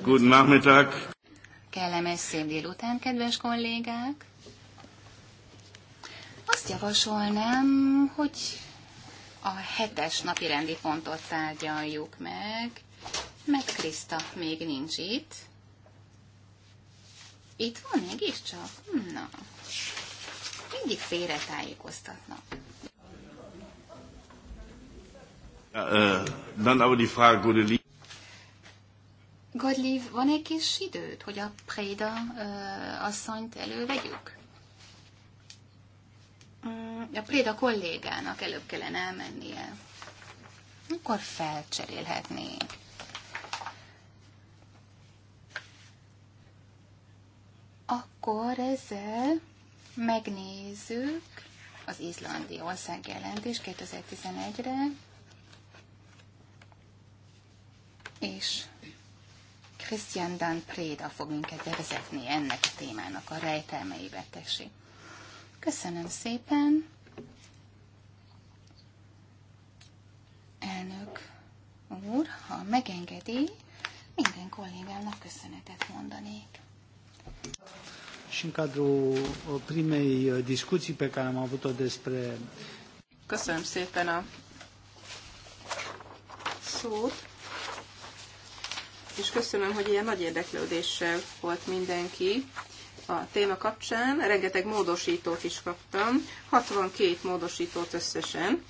Guten Nachmittag. Kellemes szép délután, kedves kollégák. Azt javasolnám, hogy a hetes napi rendi pontot tárgyaljuk meg, mert Kriszta még nincs itt. Itt van mégiscsak? Na, mindig félretájékoztatnak. Ja, uh, dann aber die Frage, Godlív, van egy kis időt, hogy a Préda uh, asszonyt elővegyük? Mm, a Préda kollégának előbb kellene elmennie. Akkor felcserélhetnénk. Akkor ezzel megnézzük az izlandi ország jelentés 2011-re, és Christian Dan Préda fog minket bevezetni ennek a témának a rejtelmei betegség. Köszönöm szépen. Elnök úr, ha megengedi, minden kollégámnak köszönetet mondanék. Uh, primei uh, Köszönöm szépen a szót és köszönöm, hogy ilyen nagy érdeklődéssel volt mindenki a téma kapcsán. Rengeteg módosítót is kaptam, 62 módosítót összesen.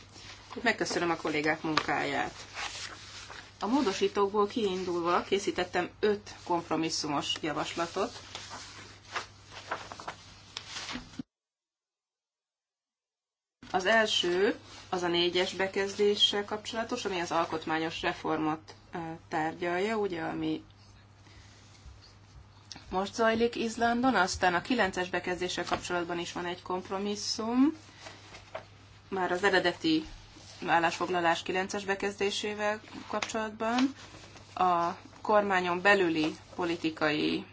Megköszönöm a kollégák munkáját. A módosítókból kiindulva készítettem 5 kompromisszumos javaslatot, Az első az a négyes bekezdéssel kapcsolatos, ami az alkotmányos reformot tárgyalja, ugye, ami most zajlik Izlandon, aztán a kilences bekezdéssel kapcsolatban is van egy kompromisszum, már az eredeti állásfoglalás kilences bekezdésével kapcsolatban, a kormányon belüli politikai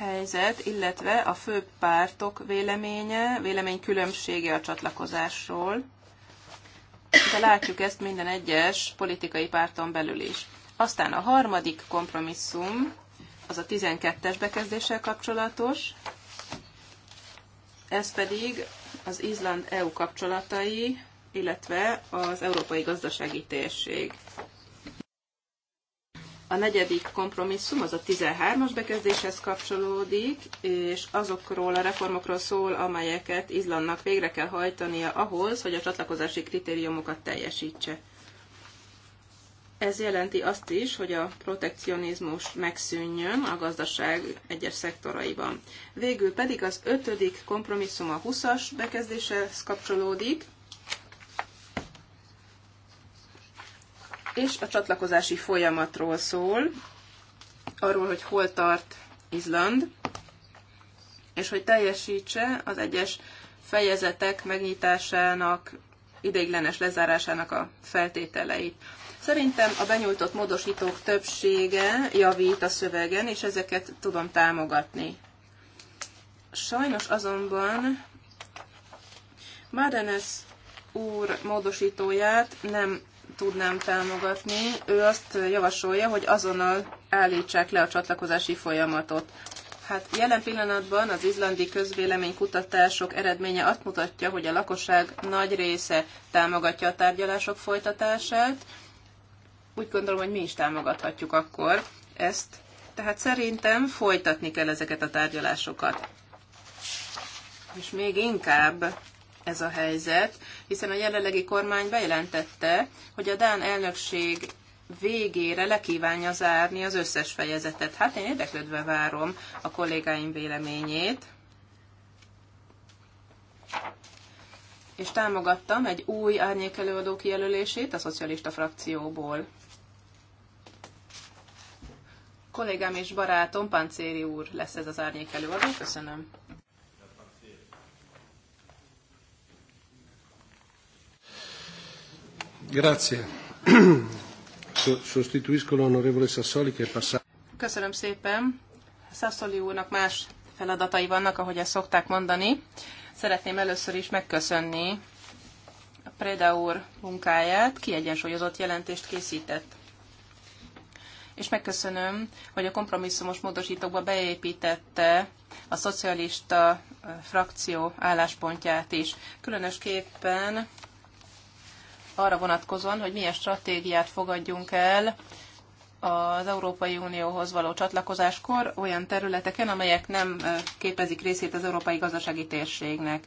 helyzet, illetve a fő pártok véleménye, különbsége a csatlakozásról, de látjuk ezt minden egyes politikai párton belül is. Aztán a harmadik kompromisszum, az a 12-es bekezdéssel kapcsolatos, ez pedig az Izland-EU kapcsolatai, illetve az Európai Gazdasági Térség. A negyedik kompromisszum az a 13-as bekezdéshez kapcsolódik, és azokról a reformokról szól, amelyeket Izlandnak végre kell hajtania ahhoz, hogy a csatlakozási kritériumokat teljesítse. Ez jelenti azt is, hogy a protekcionizmus megszűnjön a gazdaság egyes szektoraiban. Végül pedig az ötödik kompromisszum a 20-as bekezdéshez kapcsolódik, és a csatlakozási folyamatról szól, arról, hogy hol tart Izland, és hogy teljesítse az egyes fejezetek megnyitásának, ideiglenes lezárásának a feltételeit. Szerintem a benyújtott módosítók többsége javít a szövegen, és ezeket tudom támogatni. Sajnos azonban Márdenes úr módosítóját nem tudnám támogatni. Ő azt javasolja, hogy azonnal állítsák le a csatlakozási folyamatot. Hát jelen pillanatban az izlandi közvélemény kutatások eredménye azt mutatja, hogy a lakosság nagy része támogatja a tárgyalások folytatását. Úgy gondolom, hogy mi is támogathatjuk akkor ezt. Tehát szerintem folytatni kell ezeket a tárgyalásokat. És még inkább ez a helyzet, hiszen a jelenlegi kormány bejelentette, hogy a Dán elnökség végére lekívánja zárni az összes fejezetet. Hát én érdeklődve várom a kollégáim véleményét. És támogattam egy új árnyékelőadó kijelölését a szocialista frakcióból. Kollégám és barátom Pancéri úr lesz ez az árnyékelőadó. Köszönöm. Grazie. Sostituisco l'onorevole Sassoli che è passato. Köszönöm szépen. Sassoli úrnak más feladatai vannak, ahogy ezt szokták mondani. Szeretném először is megköszönni a Preda úr munkáját, kiegyensúlyozott jelentést készített. És megköszönöm, hogy a kompromisszumos módosítókba beépítette a szocialista frakció álláspontját is. Különösképpen arra vonatkozóan, hogy milyen stratégiát fogadjunk el az Európai Unióhoz való csatlakozáskor olyan területeken, amelyek nem képezik részét az európai gazdasági térségnek.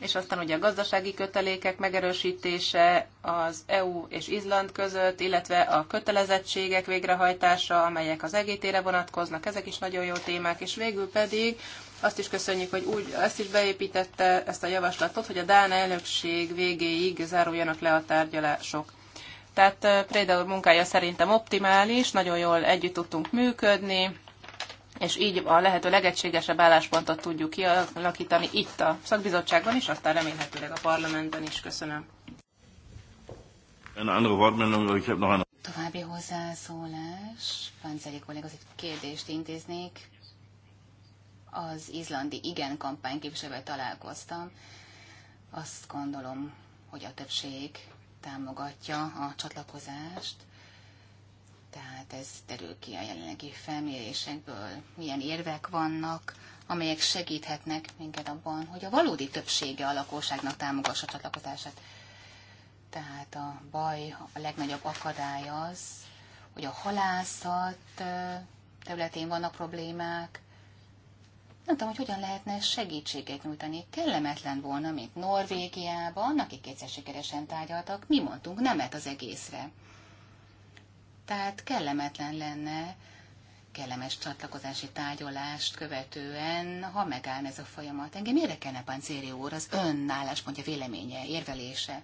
És aztán ugye a gazdasági kötelékek megerősítése az EU és Izland között, illetve a kötelezettségek végrehajtása, amelyek az egétére vonatkoznak, ezek is nagyon jó témák, és végül pedig azt is köszönjük, hogy úgy, ezt is beépítette ezt a javaslatot, hogy a Dán elnökség végéig záruljanak le a tárgyalások. Tehát eh, Préda úr munkája szerintem optimális, nagyon jól együtt tudtunk működni, és így a lehető legegységesebb álláspontot tudjuk kialakítani itt a szakbizottságban is, aztán remélhetőleg a parlamentben is. Köszönöm. További hozzászólás. Panzeri kolléga, egy kérdést intéznék az izlandi igen kampány képviselővel találkoztam. Azt gondolom, hogy a többség támogatja a csatlakozást, tehát ez derül ki a jelenlegi felmérésekből, milyen érvek vannak, amelyek segíthetnek minket abban, hogy a valódi többsége a lakosságnak támogassa a csatlakozását. Tehát a baj, a legnagyobb akadály az, hogy a halászat területén vannak problémák, nem tudom, hogy hogyan lehetne segítséget nyújtani. Kellemetlen volna, mint Norvégiában, akik kétszer sikeresen tárgyaltak, mi mondtunk nemet az egészre. Tehát kellemetlen lenne, kellemes csatlakozási tárgyalást követően, ha megállna ez a folyamat. Engem érdekelne, Pancéri úr, az ön álláspontja, véleménye, érvelése.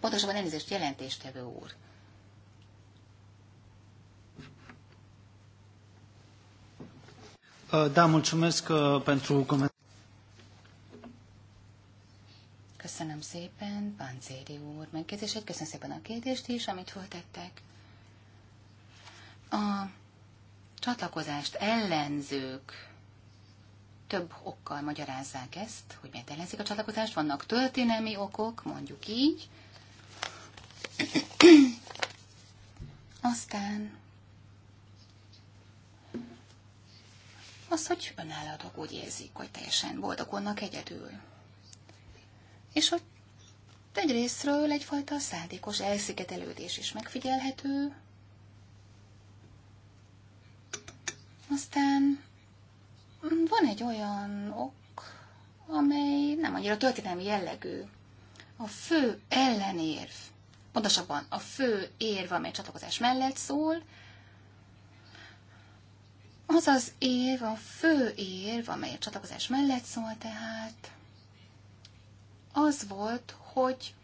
Pontosabban elnézést jelentéstevő úr. Uh, da, mulțumesc uh, pentru comentariu. Köszönöm szépen, Pancéri úr, megkérdését. Köszönöm szépen a kérdést is, amit föltettek. A csatlakozást ellenzők több okkal magyarázzák ezt, hogy miért ellenzik a csatlakozást. Vannak történelmi okok, mondjuk így. Aztán az, hogy önállatok úgy érzik, hogy teljesen boldogulnak egyedül. És hogy egyrésztről egyfajta szándékos elszigetelődés is megfigyelhető, aztán van egy olyan ok, amely nem annyira történelmi jellegű. A fő ellenérv, pontosabban a fő érv, amely csatlakozás mellett szól, az az év, a fő év, amely a csatlakozás mellett szól tehát, az volt, hogy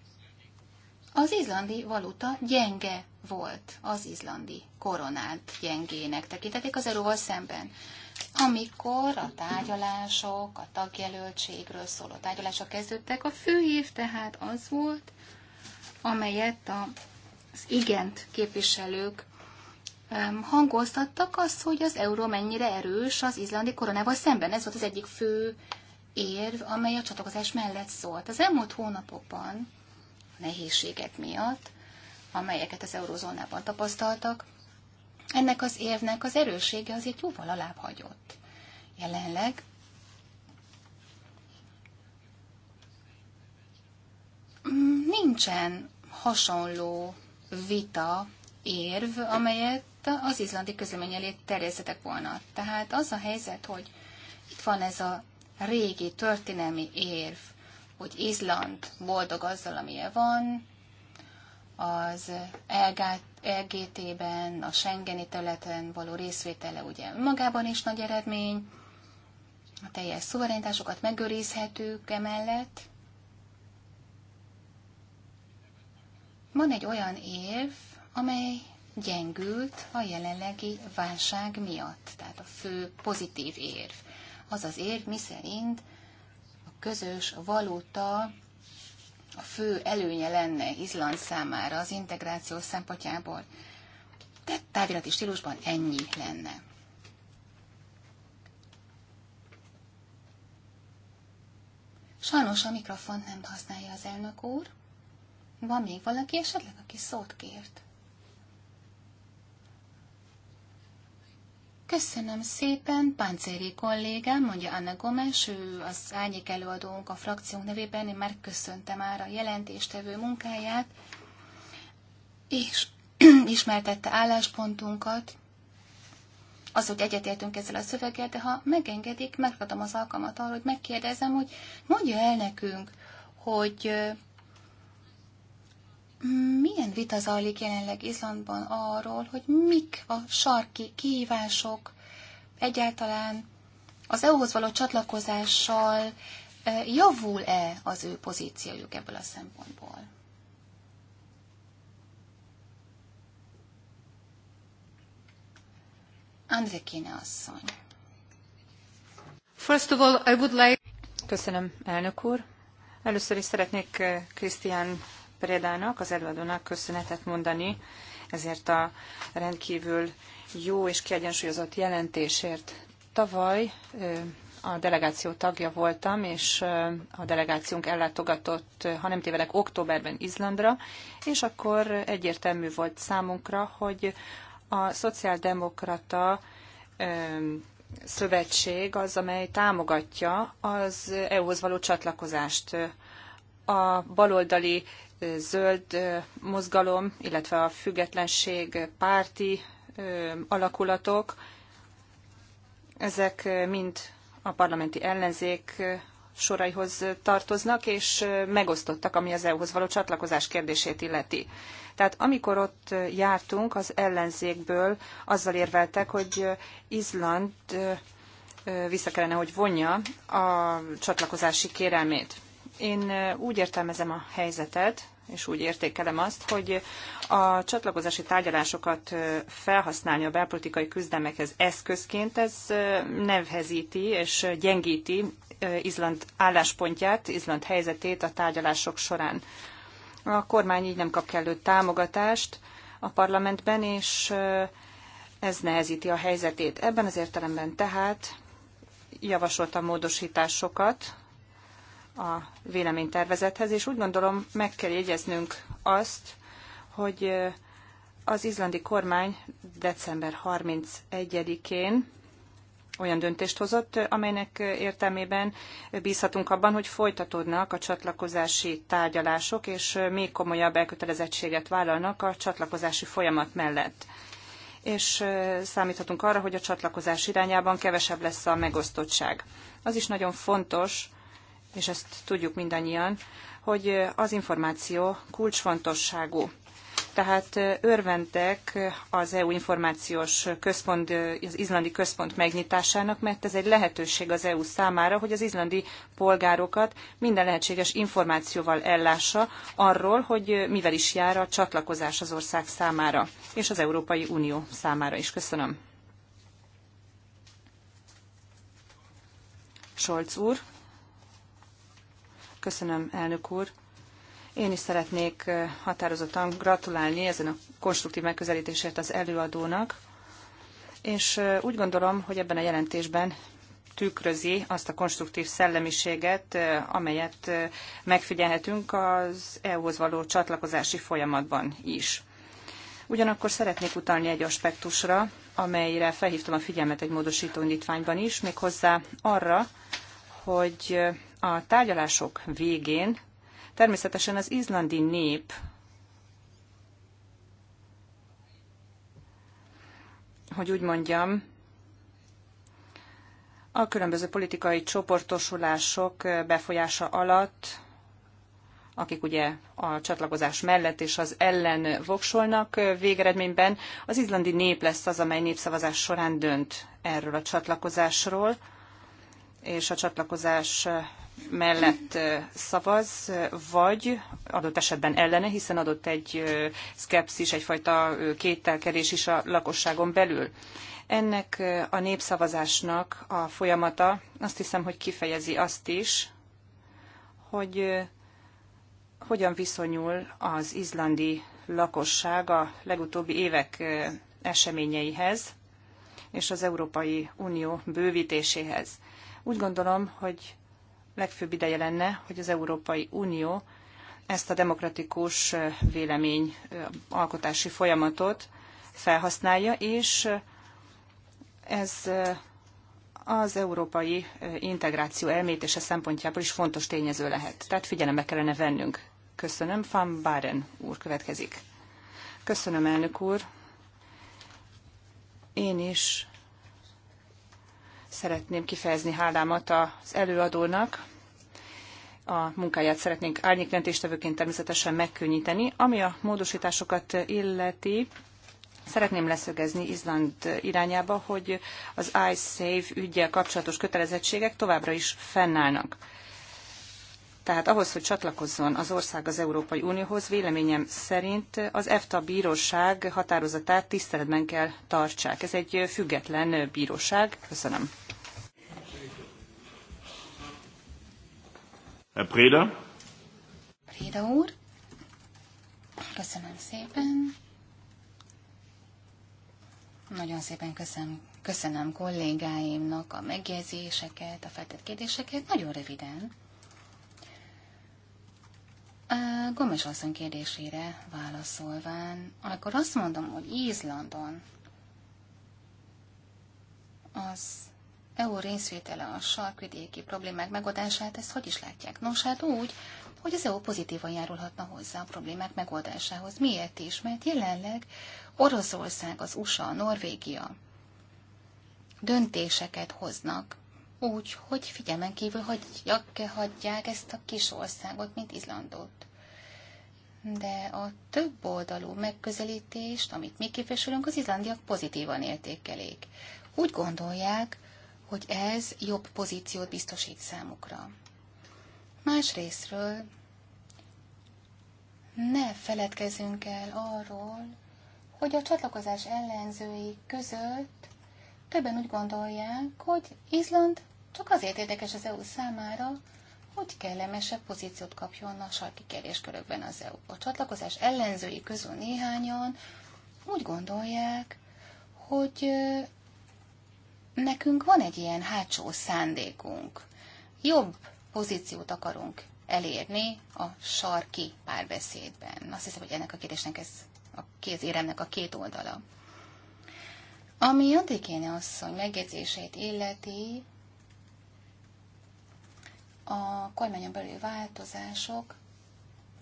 az izlandi valuta gyenge volt, az izlandi koronát gyengének tekintették az euróval szemben. Amikor a tárgyalások, a tagjelöltségről szóló tárgyalások kezdődtek, a fő év tehát az volt, amelyet az igent képviselők hangoztattak az, hogy az euró mennyire erős az izlandi koronával szemben. Ez volt az egyik fő érv, amely a csatlakozás mellett szólt. Az elmúlt hónapokban a nehézségek miatt, amelyeket az eurózónában tapasztaltak, ennek az érvnek az erőssége azért jóval alább hagyott. Jelenleg nincsen hasonló vita, érv, amelyet az izlandi közlemény elé terjesztetek volna. Tehát az a helyzet, hogy itt van ez a régi történelmi érv, hogy Izland boldog azzal, amilyen van, az LGT-ben, a Schengeni területen való részvétele ugye magában is nagy eredmény, a teljes szuverenitásokat megőrizhetők emellett. Van egy olyan év, amely gyengült a jelenlegi válság miatt. Tehát a fő pozitív érv. Az az érv, szerint a közös valuta a fő előnye lenne Izland számára az integráció szempontjából. De távirati stílusban ennyi lenne. Sajnos a mikrofont nem használja az elnök úr. Van még valaki esetleg, aki szót kért? Köszönöm szépen, Páncéri kollégám, mondja Anna Gomes, ő az árnyék előadónk a frakciónk nevében, én már köszöntem már a jelentéstevő munkáját, és ismertette álláspontunkat, az, hogy egyetértünk ezzel a szöveggel, de ha megengedik, megadom az alkalmat arra, hogy megkérdezem, hogy mondja el nekünk, hogy milyen vita zajlik jelenleg Izlandban arról, hogy mik a sarki kihívások egyáltalán az EU-hoz való csatlakozással e, javul-e az ő pozíciójuk ebből a szempontból? Andrekine asszony. First of all, I would like... Köszönöm, elnök úr. Először is szeretnék eh, Krisztián Prédának, az előadónak köszönetet mondani ezért a rendkívül jó és kiegyensúlyozott jelentésért. Tavaly a delegáció tagja voltam, és a delegációnk ellátogatott, ha nem tévedek, októberben Izlandra, és akkor egyértelmű volt számunkra, hogy a szociáldemokrata szövetség az, amely támogatja az EU-hoz való csatlakozást. A baloldali zöld mozgalom, illetve a függetlenség párti alakulatok, ezek mind a parlamenti ellenzék soraihoz tartoznak, és megosztottak, ami az EU-hoz való csatlakozás kérdését illeti. Tehát amikor ott jártunk, az ellenzékből azzal érveltek, hogy Izland vissza kellene, hogy vonja a csatlakozási kérelmét. Én úgy értelmezem a helyzetet, és úgy értékelem azt, hogy a csatlakozási tárgyalásokat felhasználni a belpolitikai küzdelmekhez eszközként, ez nevhezíti és gyengíti Izland álláspontját, Izland helyzetét a tárgyalások során. A kormány így nem kap kellő támogatást a parlamentben, és ez nehezíti a helyzetét. Ebben az értelemben tehát javasoltam módosításokat a véleménytervezethez, és úgy gondolom meg kell jegyeznünk azt, hogy az izlandi kormány december 31-én olyan döntést hozott, amelynek értelmében bízhatunk abban, hogy folytatódnak a csatlakozási tárgyalások, és még komolyabb elkötelezettséget vállalnak a csatlakozási folyamat mellett. És számíthatunk arra, hogy a csatlakozás irányában kevesebb lesz a megosztottság. Az is nagyon fontos, és ezt tudjuk mindannyian, hogy az információ kulcsfontosságú. Tehát örvendek az EU információs központ, az izlandi központ megnyitásának, mert ez egy lehetőség az EU számára, hogy az izlandi polgárokat minden lehetséges információval ellássa arról, hogy mivel is jár a csatlakozás az ország számára, és az Európai Unió számára is. Köszönöm. Scholz úr. Köszönöm, elnök úr. Én is szeretnék határozottan gratulálni ezen a konstruktív megközelítésért az előadónak, és úgy gondolom, hogy ebben a jelentésben tükrözi azt a konstruktív szellemiséget, amelyet megfigyelhetünk az EU-hoz való csatlakozási folyamatban is. Ugyanakkor szeretnék utalni egy aspektusra, amelyre felhívtam a figyelmet egy módosító indítványban is, méghozzá arra, hogy a tárgyalások végén természetesen az izlandi nép hogy úgy mondjam, a különböző politikai csoportosulások befolyása alatt, akik ugye a csatlakozás mellett és az ellen voksolnak végeredményben, az izlandi nép lesz az, amely népszavazás során dönt erről a csatlakozásról, és a csatlakozás mellett szavaz, vagy adott esetben ellene, hiszen adott egy szkepszis, egyfajta kételkedés is a lakosságon belül. Ennek a népszavazásnak a folyamata azt hiszem, hogy kifejezi azt is, hogy hogyan viszonyul az izlandi lakosság a legutóbbi évek eseményeihez és az Európai Unió bővítéséhez. Úgy gondolom, hogy legfőbb ideje lenne, hogy az Európai Unió ezt a demokratikus vélemény alkotási folyamatot felhasználja, és ez az európai integráció elmétése szempontjából is fontos tényező lehet. Tehát figyelembe kellene vennünk. Köszönöm. Van Baren úr következik. Köszönöm, elnök úr. Én is Szeretném kifejezni hálámat az előadónak. A munkáját szeretnénk árnyéklentéstevőként természetesen megkönnyíteni. Ami a módosításokat illeti, Szeretném leszögezni Izland irányába, hogy az iSafe ügyel kapcsolatos kötelezettségek továbbra is fennállnak. Tehát ahhoz, hogy csatlakozzon az ország az Európai Unióhoz, véleményem szerint az EFTA bíróság határozatát tiszteletben kell tartsák. Ez egy független bíróság. Köszönöm. Herr Preda. Preda úr. Köszönöm szépen. Nagyon szépen köszönöm, köszönöm kollégáimnak a megjegyzéseket, a feltett kérdéseket. Nagyon röviden Gomes asszony kérdésére válaszolván, akkor azt mondom, hogy Izlandon az EU részvétele a sarkvidéki problémák megoldását, ezt hogy is látják? Nos, hát úgy, hogy az EU pozitívan járulhatna hozzá a problémák megoldásához. Miért is? Mert jelenleg Oroszország, az USA, Norvégia döntéseket hoznak úgy, hogy figyelmen kívül hagyjak, hagyják ezt a kis országot, mint Izlandot. De a több oldalú megközelítést, amit mi képviselünk, az izlandiak pozitívan értékelik. Úgy gondolják, hogy ez jobb pozíciót biztosít számukra. Más ne feledkezünk el arról, hogy a csatlakozás ellenzői között többen úgy gondolják, hogy Izland csak azért érdekes az EU számára, hogy kellemesebb pozíciót kapjon a sarki körökben az EU. A csatlakozás ellenzői közül néhányan úgy gondolják, hogy nekünk van egy ilyen hátsó szándékunk. Jobb pozíciót akarunk elérni a sarki párbeszédben. Azt hiszem, hogy ennek a kérdésnek ez a két éremnek a két oldala. Ami Antikéne asszony megjegyzéseit illeti, a kormányon belüli változások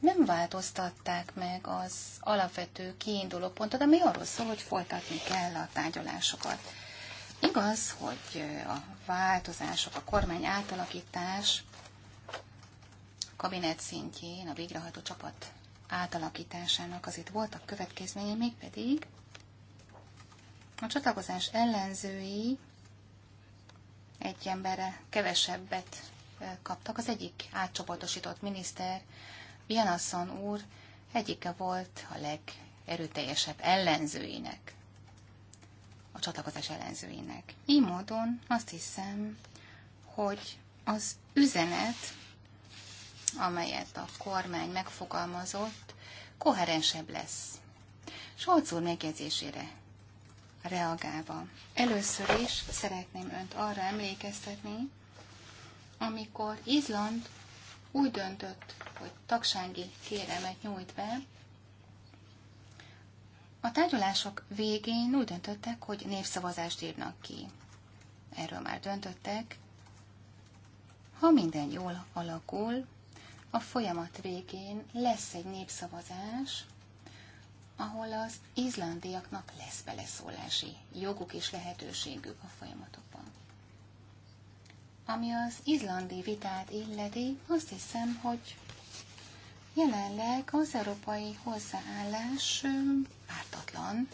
nem változtatták meg az alapvető kiinduló pontot, ami arról szól, hogy folytatni kell a tárgyalásokat. Igaz, hogy a változások, a kormány átalakítás a kabinet szintjén, a végrehajtó csapat átalakításának az itt voltak következményei, mégpedig a csatlakozás ellenzői egy emberre kevesebbet kaptak. Az egyik átcsoportosított miniszter, Janasszon úr, egyike volt a legerőteljesebb ellenzőinek, a csatlakozás ellenzőinek. Így módon azt hiszem, hogy az üzenet, amelyet a kormány megfogalmazott, koherensebb lesz. Solc úr megjegyzésére reagálva. Először is szeretném önt arra emlékeztetni, amikor Izland úgy döntött, hogy tagsági kéremet nyújt be, a tárgyalások végén úgy döntöttek, hogy népszavazást írnak ki. Erről már döntöttek. Ha minden jól alakul, a folyamat végén lesz egy népszavazás, ahol az izlandiaknak lesz beleszólási joguk és lehetőségük a folyamatok ami az izlandi vitát illeti, azt hiszem, hogy jelenleg az európai hozzáállás pártatlan.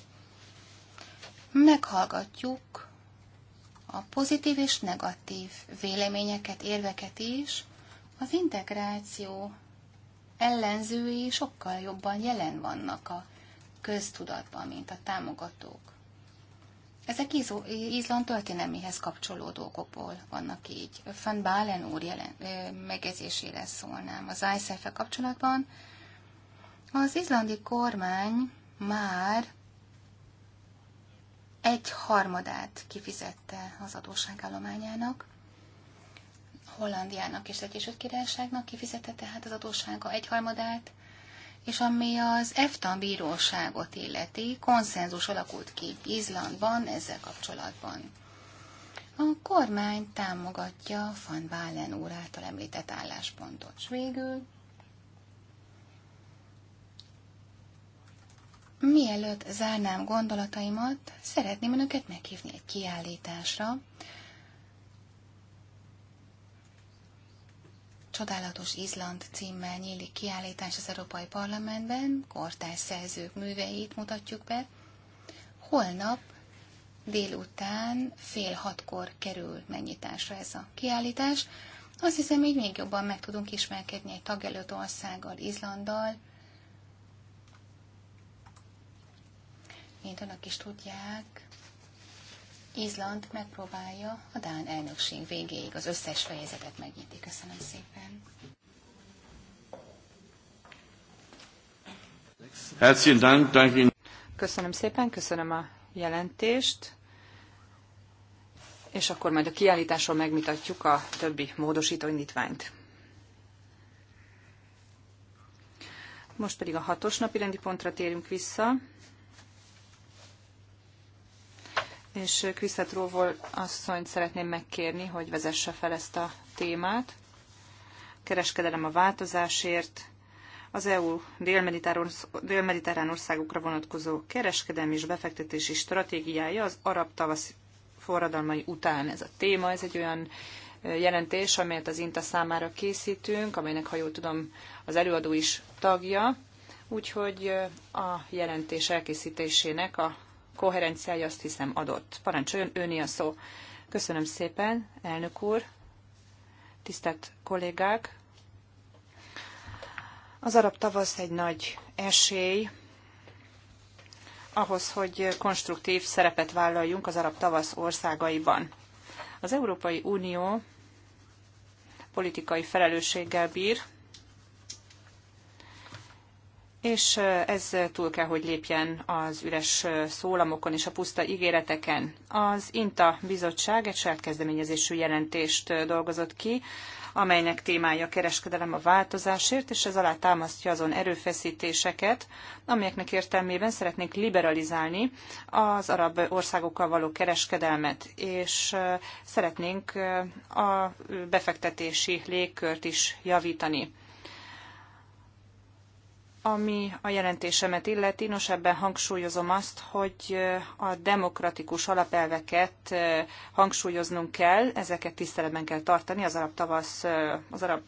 Meghallgatjuk a pozitív és negatív véleményeket, érveket is. Az integráció ellenzői sokkal jobban jelen vannak a köztudatban, mint a támogatók. Ezek Izland történelméhez kapcsoló dolgokból vannak így. Fönn Bálen úr jelen, megezésére szólnám az ISF-e kapcsolatban. Az izlandi kormány már egy harmadát kifizette az adósságállományának, Hollandiának és Egyesült Királyságnak kifizette tehát az adóssága egy harmadát, és ami az EFTA bíróságot illeti, konszenzus alakult ki Izlandban ezzel kapcsolatban. A kormány támogatja Van Balen úr által említett álláspontot. S végül, mielőtt zárnám gondolataimat, szeretném önöket meghívni egy kiállításra, Csodálatos Izland címmel nyílik kiállítás az Európai Parlamentben, kortárs szerzők műveit mutatjuk be. Holnap délután fél hatkor kerül megnyitásra ez a kiállítás. Azt hiszem, így még jobban meg tudunk ismerkedni egy tagjelölt országgal, Izlanddal. Mint önök is tudják, Izland megpróbálja a Dán elnökség végéig az összes fejezetet megnyitni. Köszönöm szépen. Köszönöm szépen, köszönöm a jelentést. És akkor majd a kiállításról megmutatjuk a többi módosító indítványt. Most pedig a hatos napi rendi pontra térünk vissza. és Krisztát Róvol asszonyt szeretném megkérni, hogy vezesse fel ezt a témát. Kereskedelem a változásért, az EU dél-mediterrán országokra vonatkozó kereskedelmi és befektetési stratégiája az arab tavasz forradalmai után ez a téma. Ez egy olyan jelentés, amelyet az INTA számára készítünk, amelynek, ha jól tudom, az előadó is tagja. Úgyhogy a jelentés elkészítésének a koherenciája azt hiszem adott. Parancsoljon őni a szó. Köszönöm szépen, elnök úr, tisztelt kollégák. Az arab tavasz egy nagy esély ahhoz, hogy konstruktív szerepet vállaljunk az arab tavasz országaiban. Az Európai Unió politikai felelősséggel bír, és ez túl kell, hogy lépjen az üres szólamokon és a puszta ígéreteken. Az INTA bizottság egy saját kezdeményezésű jelentést dolgozott ki, amelynek témája a kereskedelem a változásért, és ez alá támasztja azon erőfeszítéseket, amelyeknek értelmében szeretnénk liberalizálni az arab országokkal való kereskedelmet, és szeretnénk a befektetési légkört is javítani. Ami a jelentésemet illeti, nos ebben hangsúlyozom azt, hogy a demokratikus alapelveket hangsúlyoznunk kell, ezeket tiszteletben kell tartani az arab tavasz, az arab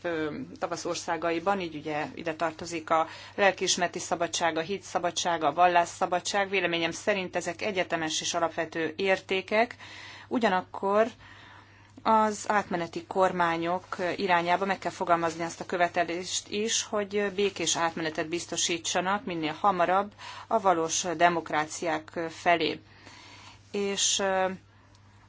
tavasz országaiban, így ugye ide tartozik a lelkiismereti szabadság, a hit szabadság, a vallásszabadság. Véleményem szerint ezek egyetemes és alapvető értékek, ugyanakkor az átmeneti kormányok irányába meg kell fogalmazni azt a követelést is, hogy békés átmenetet biztosítsanak minél hamarabb a valós demokráciák felé. És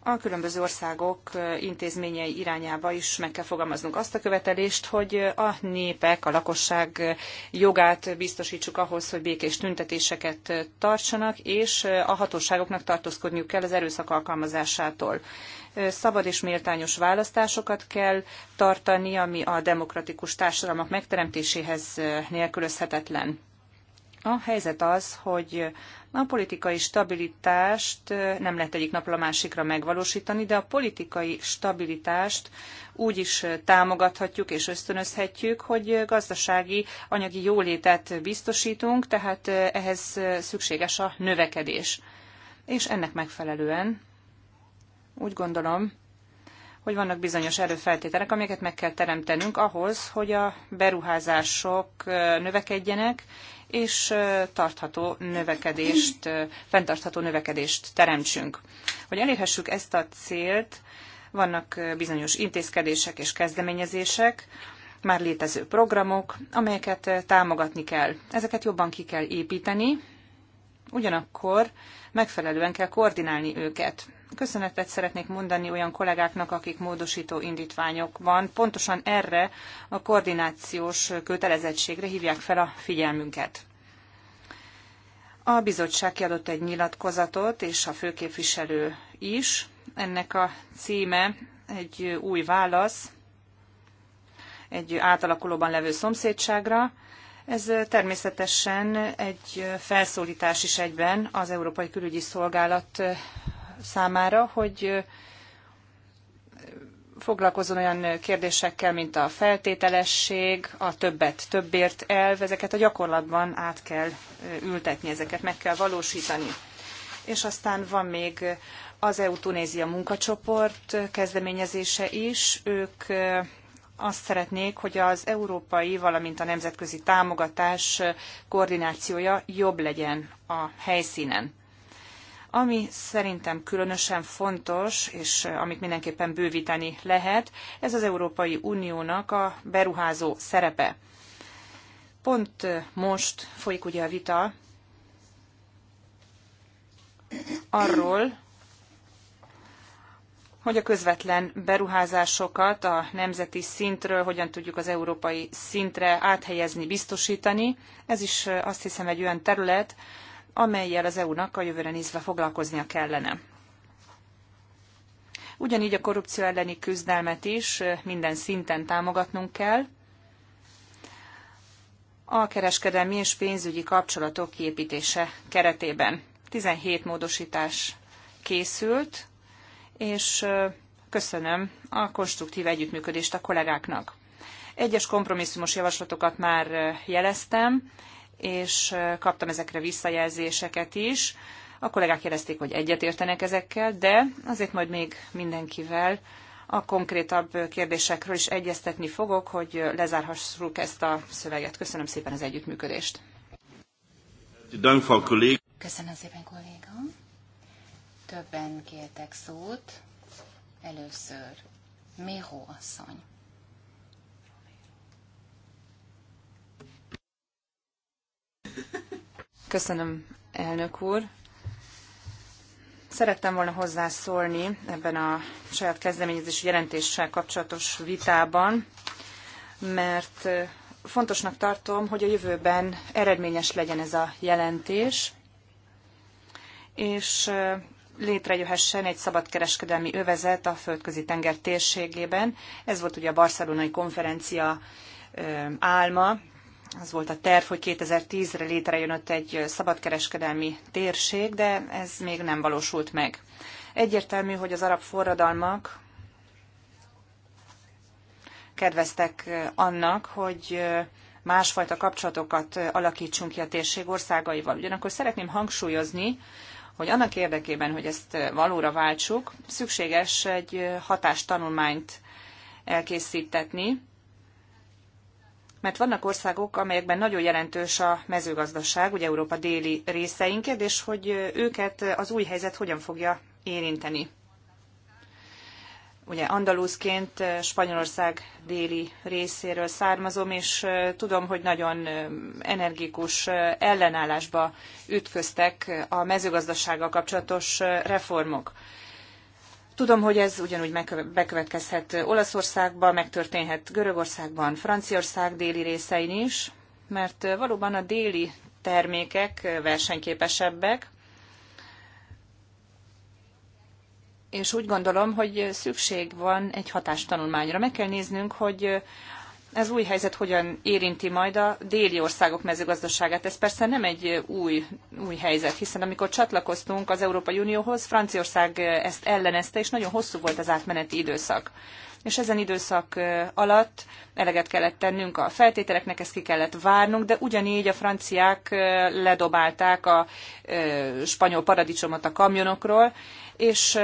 a különböző országok intézményei irányába is meg kell fogalmaznunk azt a követelést, hogy a népek, a lakosság jogát biztosítsuk ahhoz, hogy békés tüntetéseket tartsanak, és a hatóságoknak tartózkodniuk kell az erőszak alkalmazásától szabad és méltányos választásokat kell tartani, ami a demokratikus társadalmak megteremtéséhez nélkülözhetetlen. A helyzet az, hogy a politikai stabilitást nem lehet egyik napról a másikra megvalósítani, de a politikai stabilitást úgy is támogathatjuk és ösztönözhetjük, hogy gazdasági, anyagi jólétet biztosítunk, tehát ehhez szükséges a növekedés. És ennek megfelelően úgy gondolom, hogy vannak bizonyos erőfeltételek, amiket meg kell teremtenünk ahhoz, hogy a beruházások növekedjenek, és tartható növekedést, fenntartható növekedést teremtsünk. Hogy elérhessük ezt a célt, vannak bizonyos intézkedések és kezdeményezések, már létező programok, amelyeket támogatni kell. Ezeket jobban ki kell építeni, ugyanakkor megfelelően kell koordinálni őket. Köszönetet szeretnék mondani olyan kollégáknak, akik módosító indítványokban pontosan erre a koordinációs kötelezettségre hívják fel a figyelmünket. A bizottság kiadott egy nyilatkozatot, és a főképviselő is. Ennek a címe egy új válasz egy átalakulóban levő szomszédságra. Ez természetesen egy felszólítás is egyben az Európai Külügyi Szolgálat számára, hogy foglalkozzon olyan kérdésekkel, mint a feltételesség, a többet többért elv, ezeket a gyakorlatban át kell ültetni, ezeket meg kell valósítani. És aztán van még az EU-Tunézia munkacsoport kezdeményezése is. Ők azt szeretnék, hogy az európai, valamint a nemzetközi támogatás koordinációja jobb legyen a helyszínen. Ami szerintem különösen fontos, és amit mindenképpen bővíteni lehet, ez az Európai Uniónak a beruházó szerepe. Pont most folyik ugye a vita arról, hogy a közvetlen beruházásokat a nemzeti szintről hogyan tudjuk az európai szintre áthelyezni, biztosítani. Ez is azt hiszem egy olyan terület, amelyel az EU-nak a jövőre nézve foglalkoznia kellene. Ugyanígy a korrupció elleni küzdelmet is minden szinten támogatnunk kell. A kereskedelmi és pénzügyi kapcsolatok kiépítése keretében 17 módosítás készült, és köszönöm a konstruktív együttműködést a kollégáknak. Egyes kompromisszumos javaslatokat már jeleztem, és kaptam ezekre visszajelzéseket is. A kollégák jelezték, hogy egyetértenek ezekkel, de azért majd még mindenkivel a konkrétabb kérdésekről is egyeztetni fogok, hogy lezárhassuk ezt a szöveget. Köszönöm szépen az együttműködést. Köszönöm szépen, kolléga. Többen kértek szót. Először Méhó asszony. Köszönöm, elnök úr. Szerettem volna hozzászólni ebben a saját kezdeményezési jelentéssel kapcsolatos vitában, mert fontosnak tartom, hogy a jövőben eredményes legyen ez a jelentés, és létrejöhessen egy szabadkereskedelmi övezet a földközi tenger térségében. Ez volt ugye a barcelonai konferencia álma, az volt a terv, hogy 2010-re létrejön ott egy szabadkereskedelmi térség, de ez még nem valósult meg. Egyértelmű, hogy az arab forradalmak kedveztek annak, hogy másfajta kapcsolatokat alakítsunk ki a térség országaival. Ugyanakkor szeretném hangsúlyozni, hogy annak érdekében, hogy ezt valóra váltsuk, szükséges egy hatástanulmányt elkészítetni, mert vannak országok, amelyekben nagyon jelentős a mezőgazdaság, ugye Európa déli részeinket, és hogy őket az új helyzet hogyan fogja érinteni. Ugye andalúzként Spanyolország déli részéről származom, és tudom, hogy nagyon energikus ellenállásba ütköztek a mezőgazdasággal kapcsolatos reformok. Tudom, hogy ez ugyanúgy bekövetkezhet Olaszországban, megtörténhet Görögországban, Franciaország déli részein is, mert valóban a déli termékek versenyképesebbek, és úgy gondolom, hogy szükség van egy hatástanulmányra. Meg kell néznünk, hogy ez új helyzet hogyan érinti majd a déli országok mezőgazdaságát. Ez persze nem egy új, új helyzet, hiszen amikor csatlakoztunk az Európai Unióhoz, Franciaország ezt ellenezte, és nagyon hosszú volt az átmeneti időszak. És ezen időszak alatt eleget kellett tennünk a feltételeknek, ezt ki kellett várnunk, de ugyanígy a franciák ledobálták a spanyol paradicsomot a kamionokról, és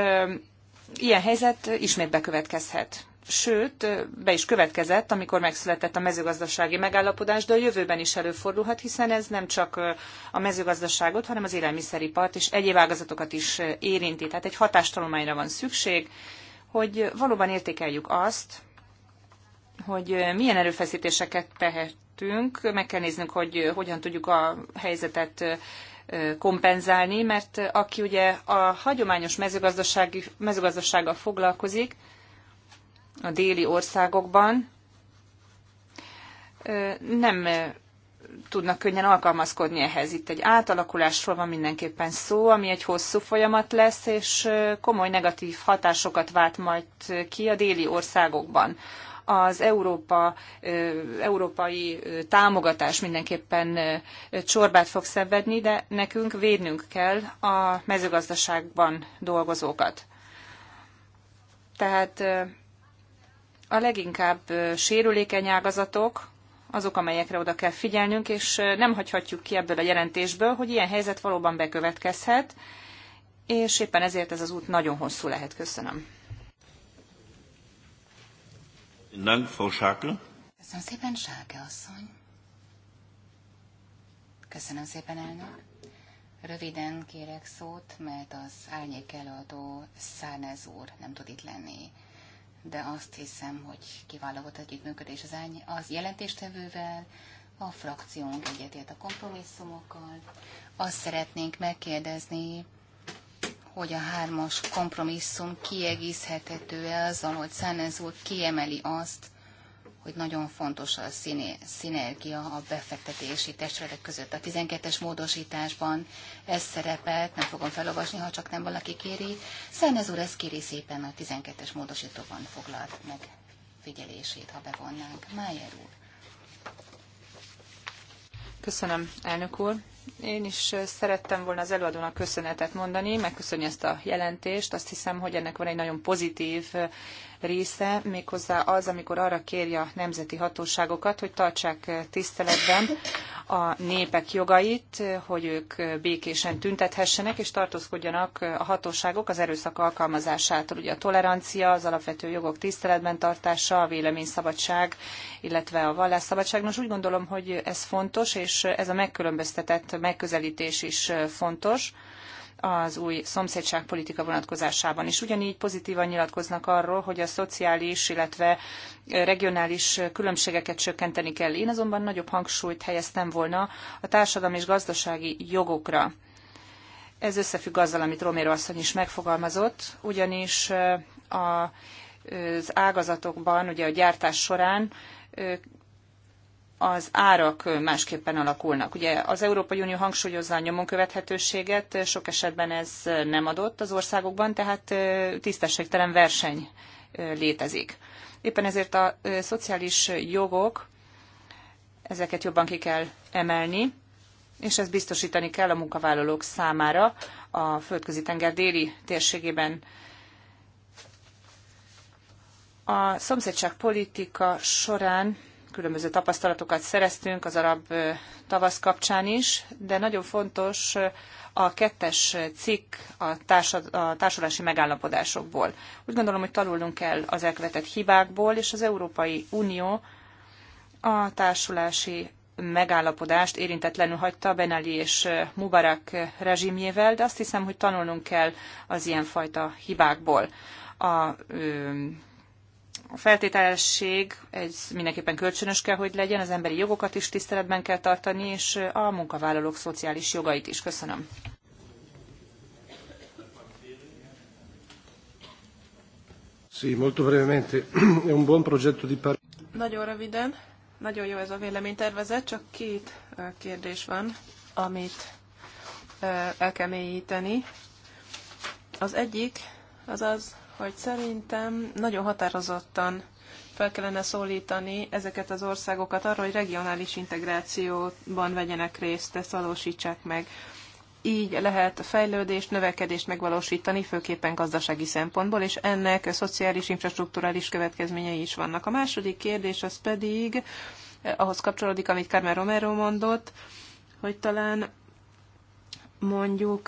ilyen helyzet ismét bekövetkezhet sőt, be is következett, amikor megszületett a mezőgazdasági megállapodás, de a jövőben is előfordulhat, hiszen ez nem csak a mezőgazdaságot, hanem az élelmiszeripart és egyéb ágazatokat is érinti. Tehát egy hatástanulmányra van szükség, hogy valóban értékeljük azt, hogy milyen erőfeszítéseket tehetünk, meg kell néznünk, hogy hogyan tudjuk a helyzetet kompenzálni, mert aki ugye a hagyományos mezőgazdasági, mezőgazdasággal foglalkozik, a déli országokban nem tudnak könnyen alkalmazkodni ehhez. Itt egy átalakulásról van mindenképpen szó, ami egy hosszú folyamat lesz, és komoly negatív hatásokat vált majd ki a déli országokban. Az Európa, európai támogatás mindenképpen csorbát fog szenvedni, de nekünk védnünk kell a mezőgazdaságban dolgozókat. Tehát a leginkább sérülékeny ágazatok, azok, amelyekre oda kell figyelnünk, és nem hagyhatjuk ki ebből a jelentésből, hogy ilyen helyzet valóban bekövetkezhet, és éppen ezért ez az út nagyon hosszú lehet. Köszönöm. Dank, Köszönöm szépen, Sáke asszony. Köszönöm szépen, elnök. Röviden kérek szót, mert az árnyék előadó Szárnez úr nem tud itt lenni de azt hiszem, hogy kiváló volt együttműködés az, ány, az jelentéstevővel, a frakciónk egyetért a kompromisszumokkal. Azt szeretnénk megkérdezni, hogy a hármas kompromisszum kiegészhetető e azzal, hogy Szánez úr kiemeli azt, hogy nagyon fontos a színé, szinergia a befektetési testületek között. A 12-es módosításban ez szerepelt, nem fogom felolvasni, ha csak nem valaki kéri. Szernez úr ezt kéri szépen a 12-es módosítóban foglalt meg figyelését, ha bevonnánk. Májer úr. Köszönöm, elnök úr. Én is szerettem volna az előadónak köszönetet mondani, megköszönni ezt a jelentést. Azt hiszem, hogy ennek van egy nagyon pozitív része, méghozzá az, amikor arra kéri a nemzeti hatóságokat, hogy tartsák tiszteletben a népek jogait, hogy ők békésen tüntethessenek, és tartózkodjanak a hatóságok az erőszak alkalmazásától. Ugye a tolerancia, az alapvető jogok tiszteletben tartása, a véleményszabadság, illetve a vallásszabadság. Nos, úgy gondolom, hogy ez fontos, és ez a megkülönböztetett integrált megközelítés is fontos az új szomszédságpolitika vonatkozásában is. Ugyanígy pozitívan nyilatkoznak arról, hogy a szociális, illetve regionális különbségeket csökkenteni kell. Én azonban nagyobb hangsúlyt helyeztem volna a társadalmi és gazdasági jogokra. Ez összefügg azzal, amit Romero asszony is megfogalmazott, ugyanis a, az ágazatokban, ugye a gyártás során az árak másképpen alakulnak. Ugye az Európai Unió hangsúlyozza a nyomon követhetőséget, sok esetben ez nem adott az országokban, tehát tisztességtelen verseny létezik. Éppen ezért a szociális jogok, ezeket jobban ki kell emelni, és ezt biztosítani kell a munkavállalók számára a földközi tenger déli térségében. A szomszédság politika során különböző tapasztalatokat szereztünk az arab tavasz kapcsán is, de nagyon fontos a kettes cikk a, társad, a megállapodásokból. Úgy gondolom, hogy tanulnunk kell az elkövetett hibákból, és az Európai Unió a társulási megállapodást érintetlenül hagyta Ben Ali és Mubarak rezsimjével, de azt hiszem, hogy tanulnunk kell az ilyenfajta hibákból. A ö, a feltételesség egy mindenképpen kölcsönös kell, hogy legyen, az emberi jogokat is tiszteletben kell tartani, és a munkavállalók szociális jogait is. Köszönöm. Sí, molto brevemente. È un buon progetto di par- Nagyon röviden. Nagyon jó ez a véleménytervezet, csak két kérdés van, amit el kell mélyíteni. Az egyik az az, hogy szerintem nagyon határozottan fel kellene szólítani ezeket az országokat arra, hogy regionális integrációban vegyenek részt, ezt valósítsák meg. Így lehet fejlődést, növekedést megvalósítani, főképpen gazdasági szempontból, és ennek a szociális, infrastruktúrális következményei is vannak. A második kérdés az pedig eh, ahhoz kapcsolódik, amit Carmen Romero mondott, hogy talán mondjuk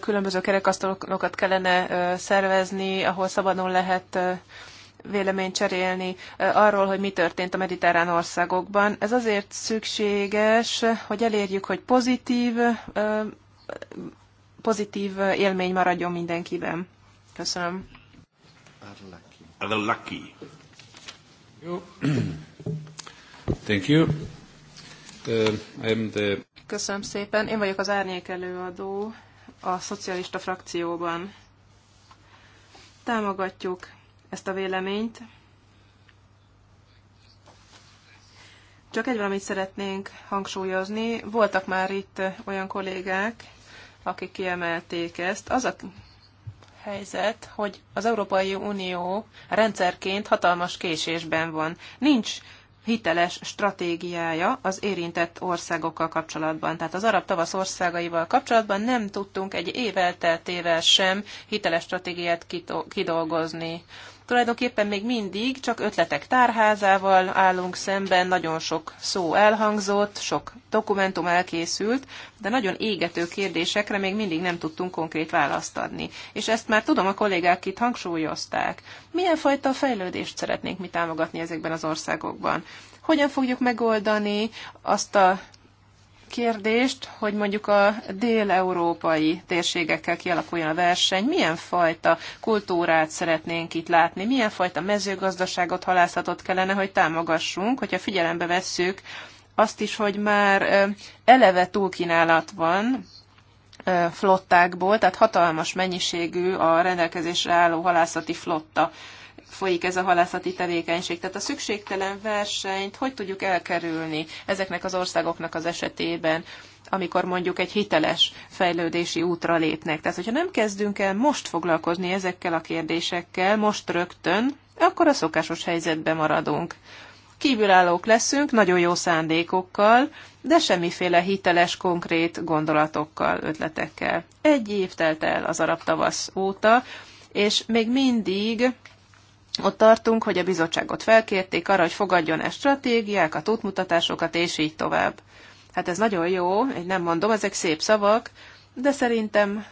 különböző kerekasztalokat kellene szervezni, ahol szabadon lehet véleményt cserélni arról, hogy mi történt a mediterrán országokban. Ez azért szükséges, hogy elérjük, hogy pozitív, pozitív élmény maradjon mindenkiben. Köszönöm. Arlaki. Thank you. Uh, I am the Köszönöm szépen. Én vagyok az árnyék előadó a szocialista frakcióban. Támogatjuk ezt a véleményt. Csak egy valamit szeretnénk hangsúlyozni. Voltak már itt olyan kollégák, akik kiemelték ezt. Az a helyzet, hogy az Európai Unió rendszerként hatalmas késésben van. Nincs hiteles stratégiája az érintett országokkal kapcsolatban. Tehát az arab tavasz országaival kapcsolatban nem tudtunk egy év elteltével sem hiteles stratégiát kidolgozni. Tulajdonképpen még mindig csak ötletek tárházával állunk szemben, nagyon sok szó elhangzott, sok dokumentum elkészült, de nagyon égető kérdésekre még mindig nem tudtunk konkrét választ adni. És ezt már tudom, a kollégák itt hangsúlyozták. Milyen fajta fejlődést szeretnénk mi támogatni ezekben az országokban? Hogyan fogjuk megoldani azt a kérdést, hogy mondjuk a dél-európai térségekkel kialakuljon a verseny, milyen fajta kultúrát szeretnénk itt látni, milyen fajta mezőgazdaságot, halászatot kellene, hogy támogassunk, hogyha figyelembe vesszük azt is, hogy már eleve túlkínálat van, flottákból, tehát hatalmas mennyiségű a rendelkezésre álló halászati flotta folyik ez a halászati tevékenység. Tehát a szükségtelen versenyt hogy tudjuk elkerülni ezeknek az országoknak az esetében, amikor mondjuk egy hiteles fejlődési útra lépnek. Tehát, hogyha nem kezdünk el most foglalkozni ezekkel a kérdésekkel, most rögtön, akkor a szokásos helyzetben maradunk kívülállók leszünk nagyon jó szándékokkal, de semmiféle hiteles, konkrét gondolatokkal, ötletekkel. Egy év telt el az arab tavasz óta, és még mindig ott tartunk, hogy a bizottságot felkérték arra, hogy fogadjon el stratégiákat, útmutatásokat, és így tovább. Hát ez nagyon jó, én nem mondom, ezek szép szavak, de szerintem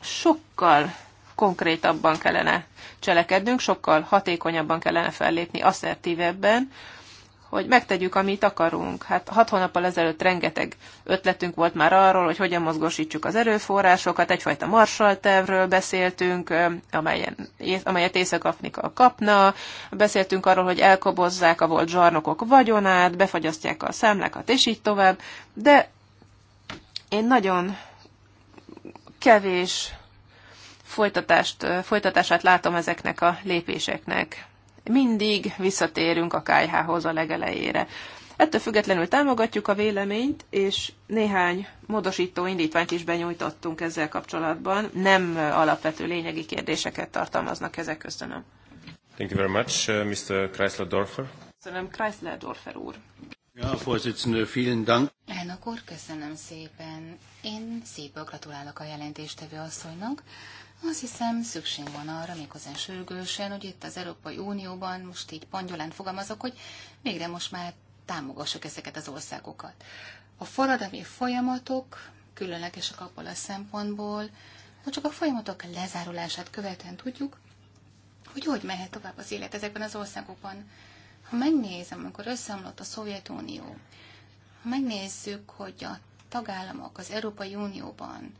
sokkal konkrétabban kellene cselekednünk, sokkal hatékonyabban kellene fellépni, asszertívebben, hogy megtegyük, amit akarunk. Hát hat hónappal ezelőtt rengeteg ötletünk volt már arról, hogy hogyan mozgósítsuk az erőforrásokat, egyfajta Marshall tervről beszéltünk, amelyen, amelyet Észak-Afrika kapna, beszéltünk arról, hogy elkobozzák a volt zsarnokok vagyonát, befagyasztják a számlákat, és így tovább, de én nagyon kevés folytatást, folytatását látom ezeknek a lépéseknek. Mindig visszatérünk a kájhához a legelejére. Ettől függetlenül támogatjuk a véleményt, és néhány módosító indítványt is benyújtottunk ezzel kapcsolatban. Nem alapvető lényegi kérdéseket tartalmaznak ezek. Köszönöm. Thank you very much, uh, Mr. Chrysler Dorfer. Köszönöm, Chrysler Dorfer úr. Ja, Vorsitzende, vielen Dank. Elnök úr, köszönöm szépen. Én szépen gratulálok a jelentéstevő asszonynak azt hiszem, szükség van arra, méghozzá sürgősen, hogy itt az Európai Unióban, most így pangyolán fogalmazok, hogy végre most már támogassuk ezeket az országokat. A forradalmi folyamatok különlegesek abból a szempontból, hogy csak a folyamatok lezárulását követően tudjuk, hogy hogy mehet tovább az élet ezekben az országokban. Ha megnézem, amikor összeomlott a Szovjetunió, ha megnézzük, hogy a tagállamok az Európai Unióban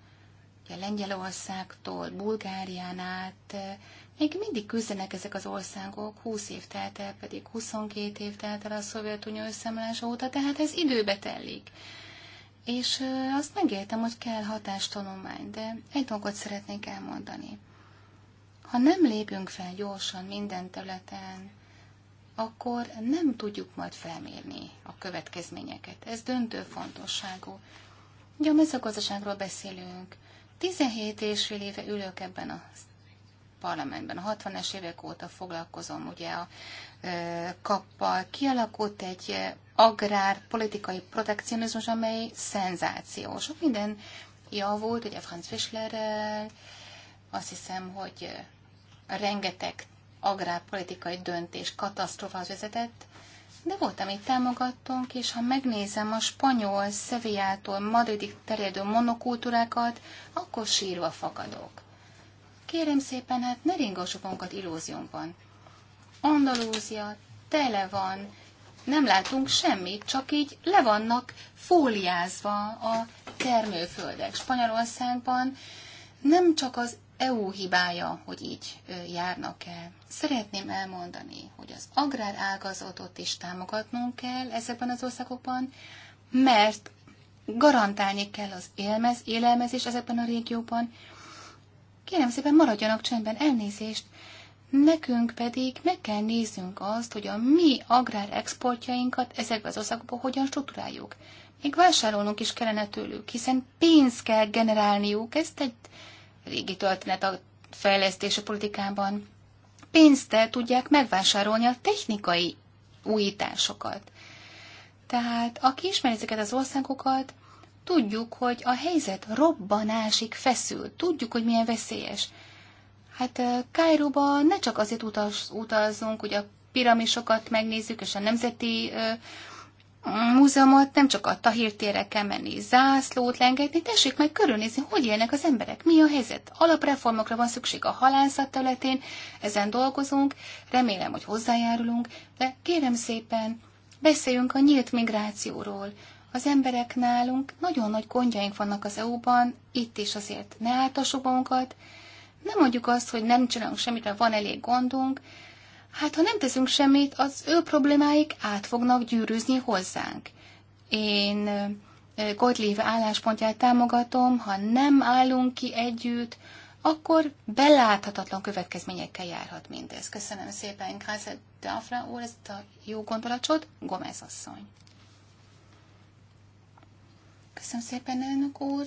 ugye Lengyelországtól, Bulgárián át, eh, még mindig küzdenek ezek az országok, 20 év telt el, pedig 22 év telt el a Szovjetunió összeomlása óta, tehát ez időbe telik. És eh, azt megértem, hogy kell hatástanulmány, de egy dolgot szeretnék elmondani. Ha nem lépünk fel gyorsan minden területen, akkor nem tudjuk majd felmérni a következményeket. Ez döntő fontosságú. Ugye a mezőgazdaságról beszélünk, 17 és fél éve ülök ebben a parlamentben. A 60-es évek óta foglalkozom ugye a kappal. Kialakult egy agrárpolitikai protekcionizmus, amely szenzáció. Sok minden javult, ugye Franz Fischlerrel, azt hiszem, hogy rengeteg agrárpolitikai döntés katasztrofához vezetett, de volt, amit támogattunk, és ha megnézem a spanyol Szeviától Madridig terjedő monokultúrákat, akkor sírva fakadok. Kérem szépen, hát ne ringassuk magunkat illúziónkban. Andalúzia tele van, nem látunk semmit, csak így le vannak fóliázva a termőföldek. Spanyolországban nem csak az EU hibája, hogy így járnak el. Szeretném elmondani, hogy az agrár ágazatot is támogatnunk kell ezekben az országokban, mert garantálni kell az élmez, élelmezés ezekben a régióban. Kérem szépen maradjanak csendben, elnézést. Nekünk pedig meg kell néznünk azt, hogy a mi agrár exportjainkat ezekben az országokban hogyan struktúráljuk. Még vásárolnunk is kellene tőlük, hiszen pénzt kell generálniuk, ezt egy régi történet a fejlesztés a politikában. Pénztel tudják megvásárolni a technikai újításokat. Tehát aki ismeri ezeket az országokat, tudjuk, hogy a helyzet robbanásig feszül, tudjuk, hogy milyen veszélyes. Hát Kairóba ne csak azért utaz, utazunk, hogy a piramisokat megnézzük, és a nemzeti múzeumot nem csak a tahírtérre kell menni, zászlót lengetni, tessék meg körülnézni, hogy élnek az emberek, mi a helyzet. Alapreformokra van szükség a halánszat területén, ezen dolgozunk, remélem, hogy hozzájárulunk, de kérem szépen, beszéljünk a nyílt migrációról. Az emberek nálunk nagyon nagy gondjaink vannak az EU-ban, itt is azért ne áltassuk magunkat, nem mondjuk azt, hogy nem csinálunk semmit, mert van elég gondunk, Hát, ha nem teszünk semmit, az ő problémáik át fognak gyűrűzni hozzánk. Én Gottlieb álláspontját támogatom, ha nem állunk ki együtt, akkor beláthatatlan következményekkel járhat mindez. Köszönöm szépen, Kázet Dafra úr, ezt a jó gondolatot, Gomez asszony. Köszönöm szépen, elnök úr.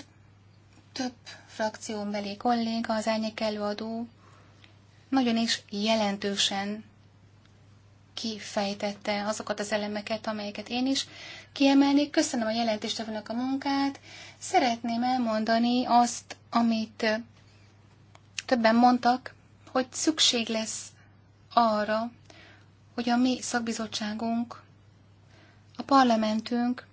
Több frakción belé kolléga, az árnyék előadó nagyon is jelentősen kifejtette azokat az elemeket, amelyeket én is kiemelnék. Köszönöm a jelentéstevőnek a munkát. Szeretném elmondani azt, amit többen mondtak, hogy szükség lesz arra, hogy a mi szakbizottságunk, a parlamentünk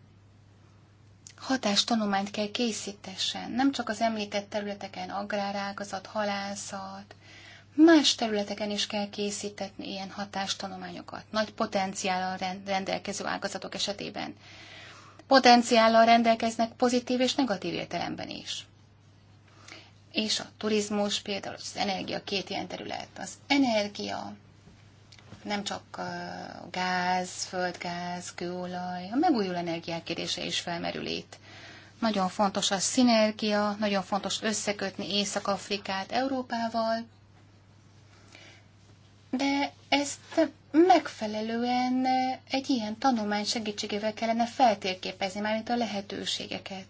hatástanományt kell készítessen, nem csak az említett területeken, agrárágazat, halászat, Más területeken is kell készíteni ilyen hatástanulmányokat, nagy potenciállal rendelkező ágazatok esetében. Potenciállal rendelkeznek pozitív és negatív értelemben is. És a turizmus, például az energia két ilyen terület. Az energia nem csak gáz, földgáz, kőolaj, a megújuló energiák kérdése is felmerül itt. Nagyon fontos a szinergia, nagyon fontos összekötni Észak-Afrikát Európával, de ezt megfelelően egy ilyen tanulmány segítségével kellene feltérképezni, mármint a lehetőségeket.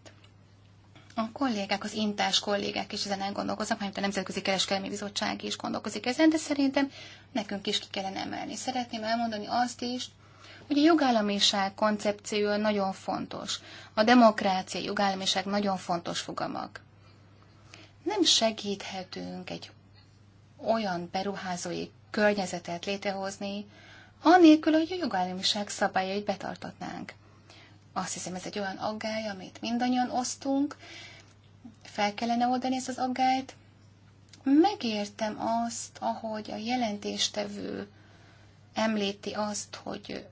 A kollégák, az intás kollégák is ezen elgondolkoznak, mert a Nemzetközi Kereskedelmi Bizottság is gondolkozik ezen, de szerintem nekünk is ki kellene emelni. Szeretném elmondani azt is, hogy a jogállamiság koncepciója nagyon fontos. A demokrácia, a jogállamiság nagyon fontos fogalmak. Nem segíthetünk egy olyan beruházói környezetet létrehozni, anélkül, hogy a jogállamiság szabályait betartatnánk. Azt hiszem, ez egy olyan aggály, amit mindannyian osztunk, fel kellene oldani ezt az aggályt. Megértem azt, ahogy a jelentéstevő említi azt, hogy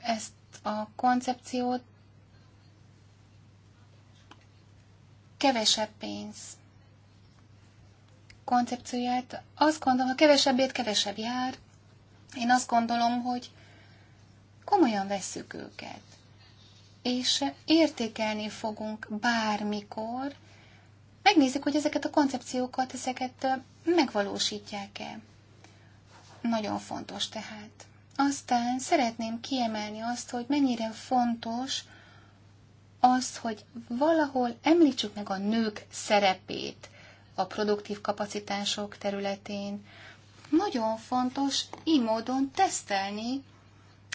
ezt a koncepciót kevesebb pénz koncepcióját. Azt gondolom, ha kevesebbét kevesebb jár, én azt gondolom, hogy komolyan vesszük őket. És értékelni fogunk bármikor, megnézzük, hogy ezeket a koncepciókat, ezeket megvalósítják-e. Nagyon fontos tehát. Aztán szeretném kiemelni azt, hogy mennyire fontos az, hogy valahol említsük meg a nők szerepét a produktív kapacitások területén. Nagyon fontos így módon tesztelni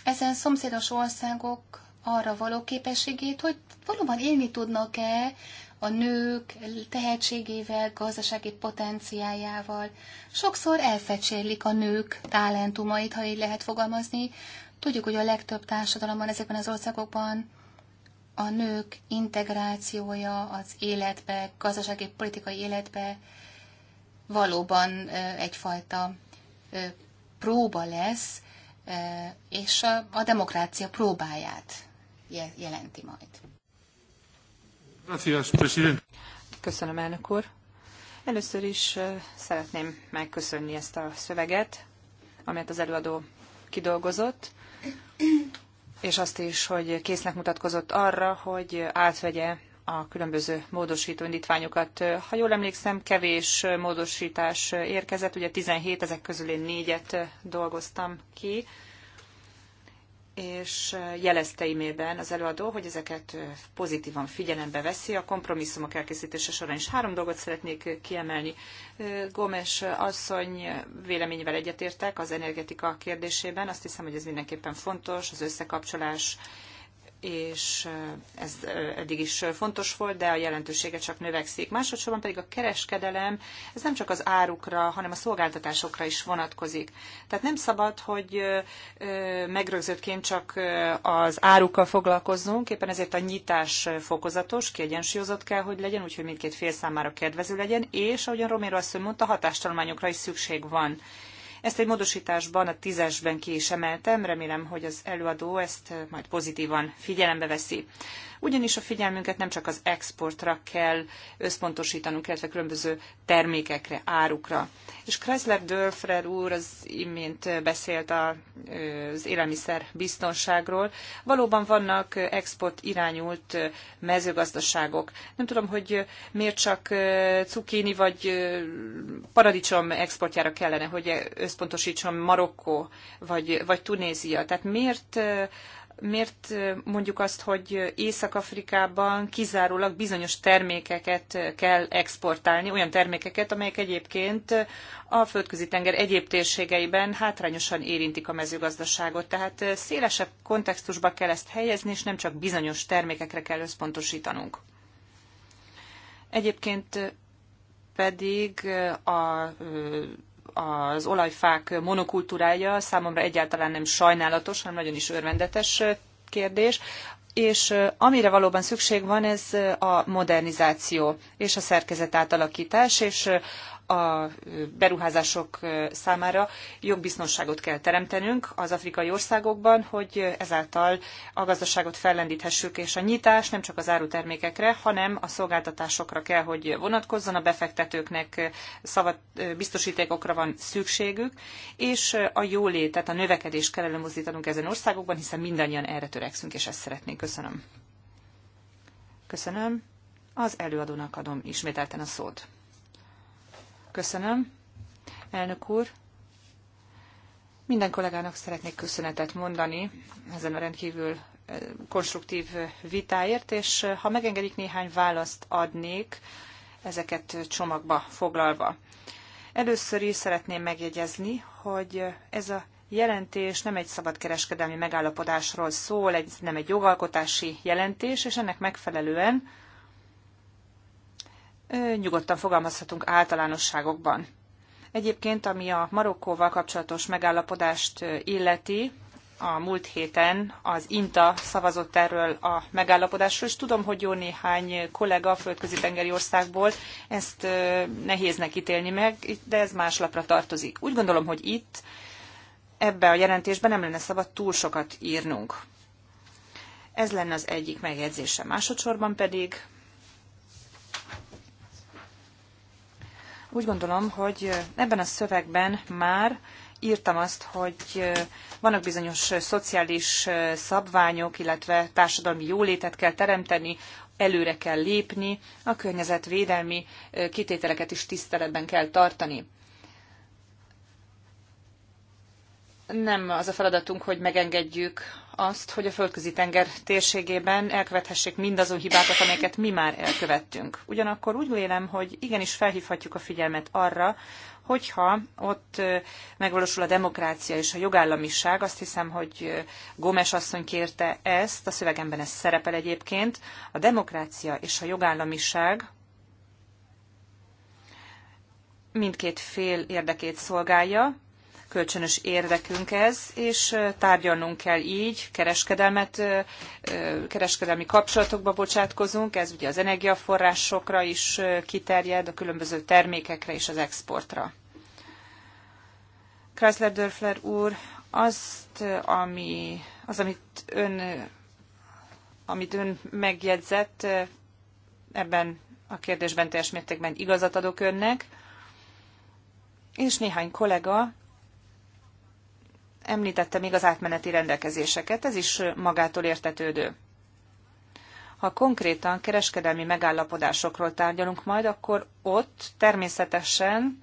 ezen szomszédos országok arra való képességét, hogy valóban élni tudnak-e a nők tehetségével, gazdasági potenciájával. Sokszor elfecsérlik a nők talentumait, ha így lehet fogalmazni. Tudjuk, hogy a legtöbb társadalomban ezekben az országokban a nők integrációja az életbe, gazdasági, politikai életbe valóban egyfajta próba lesz, és a demokrácia próbáját jelenti majd. Köszönöm, elnök úr. Először is szeretném megköszönni ezt a szöveget, amelyet az előadó kidolgozott és azt is, hogy késznek mutatkozott arra, hogy átvegye a különböző módosító indítványokat. Ha jól emlékszem, kevés módosítás érkezett, ugye 17 ezek közül én négyet dolgoztam ki, és jelezte imében az előadó, hogy ezeket pozitívan figyelembe veszi a kompromisszumok elkészítése során. is három dolgot szeretnék kiemelni. Gomes asszony véleményével egyetértek az energetika kérdésében. Azt hiszem, hogy ez mindenképpen fontos, az összekapcsolás és ez eddig is fontos volt, de a jelentősége csak növekszik. Másodszorban pedig a kereskedelem, ez nem csak az árukra, hanem a szolgáltatásokra is vonatkozik. Tehát nem szabad, hogy megrögzöttként csak az árukkal foglalkozzunk, éppen ezért a nyitás fokozatos, kiegyensúlyozott kell, hogy legyen, úgyhogy mindkét fél számára kedvező legyen, és ahogyan Romero azt mondta, hatástalományokra is szükség van ezt egy módosításban, a tízesben ki is emeltem, remélem, hogy az előadó ezt majd pozitívan figyelembe veszi ugyanis a figyelmünket nem csak az exportra kell összpontosítanunk, illetve különböző termékekre, árukra. És Kressler Dörfrer úr az imént beszélt az élelmiszer biztonságról. Valóban vannak export irányult mezőgazdaságok. Nem tudom, hogy miért csak cukini vagy paradicsom exportjára kellene, hogy összpontosítson Marokkó vagy, vagy Tunézia. Tehát miért miért mondjuk azt, hogy Észak-Afrikában kizárólag bizonyos termékeket kell exportálni, olyan termékeket, amelyek egyébként a földközi tenger egyéb térségeiben hátrányosan érintik a mezőgazdaságot. Tehát szélesebb kontextusba kell ezt helyezni, és nem csak bizonyos termékekre kell összpontosítanunk. Egyébként pedig a az olajfák monokultúrája számomra egyáltalán nem sajnálatos, hanem nagyon is örvendetes kérdés és amire valóban szükség van, ez a modernizáció és a szerkezet átalakítás, és a beruházások számára jogbiztonságot kell teremtenünk az afrikai országokban, hogy ezáltal a gazdaságot fellendíthessük, és a nyitás nem csak az árutermékekre, hanem a szolgáltatásokra kell, hogy vonatkozzon, a befektetőknek szavat, biztosítékokra van szükségük, és a jólétet, a növekedést kell előmozdítanunk ezen országokban, hiszen mindannyian erre törekszünk, és ezt szeretnénk. Köszönöm. Köszönöm. Az előadónak adom ismételten a szót. Köszönöm. Elnök úr, minden kollégának szeretnék köszönetet mondani ezen a rendkívül eh, konstruktív vitáért, és eh, ha megengedik, néhány választ adnék, ezeket csomagba foglalva. Először is szeretném megjegyezni, hogy ez a jelentés nem egy szabadkereskedelmi megállapodásról szól, ez nem egy jogalkotási jelentés, és ennek megfelelően nyugodtan fogalmazhatunk általánosságokban. Egyébként, ami a Marokkóval kapcsolatos megállapodást illeti, a múlt héten az INTA szavazott erről a megállapodásról, és tudom, hogy jó néhány kollega a földközi-tengeri országból ezt nehéznek ítélni meg, de ez más lapra tartozik. Úgy gondolom, hogy itt ebbe a jelentésben nem lenne szabad túl sokat írnunk. Ez lenne az egyik megjegyzése. Másodszorban pedig úgy gondolom, hogy ebben a szövegben már írtam azt, hogy vannak bizonyos szociális szabványok, illetve társadalmi jólétet kell teremteni, előre kell lépni, a környezetvédelmi kitételeket is tiszteletben kell tartani. nem az a feladatunk, hogy megengedjük azt, hogy a földközi tenger térségében elkövethessék mindazon hibákat, amelyeket mi már elkövettünk. Ugyanakkor úgy vélem, hogy igenis felhívhatjuk a figyelmet arra, hogyha ott megvalósul a demokrácia és a jogállamiság, azt hiszem, hogy Gómez asszony kérte ezt, a szövegemben ez szerepel egyébként, a demokrácia és a jogállamiság mindkét fél érdekét szolgálja, kölcsönös érdekünk ez, és tárgyalnunk kell így, kereskedelmet, kereskedelmi kapcsolatokba bocsátkozunk, ez ugye az energiaforrásokra is kiterjed, a különböző termékekre és az exportra. Chrysler Dörfler úr, azt, ami, az, amit ön, amit ön megjegyzett, ebben a kérdésben teljes mértékben igazat adok önnek, és néhány kollega Említette még az átmeneti rendelkezéseket, ez is magától értetődő. Ha konkrétan kereskedelmi megállapodásokról tárgyalunk majd, akkor ott természetesen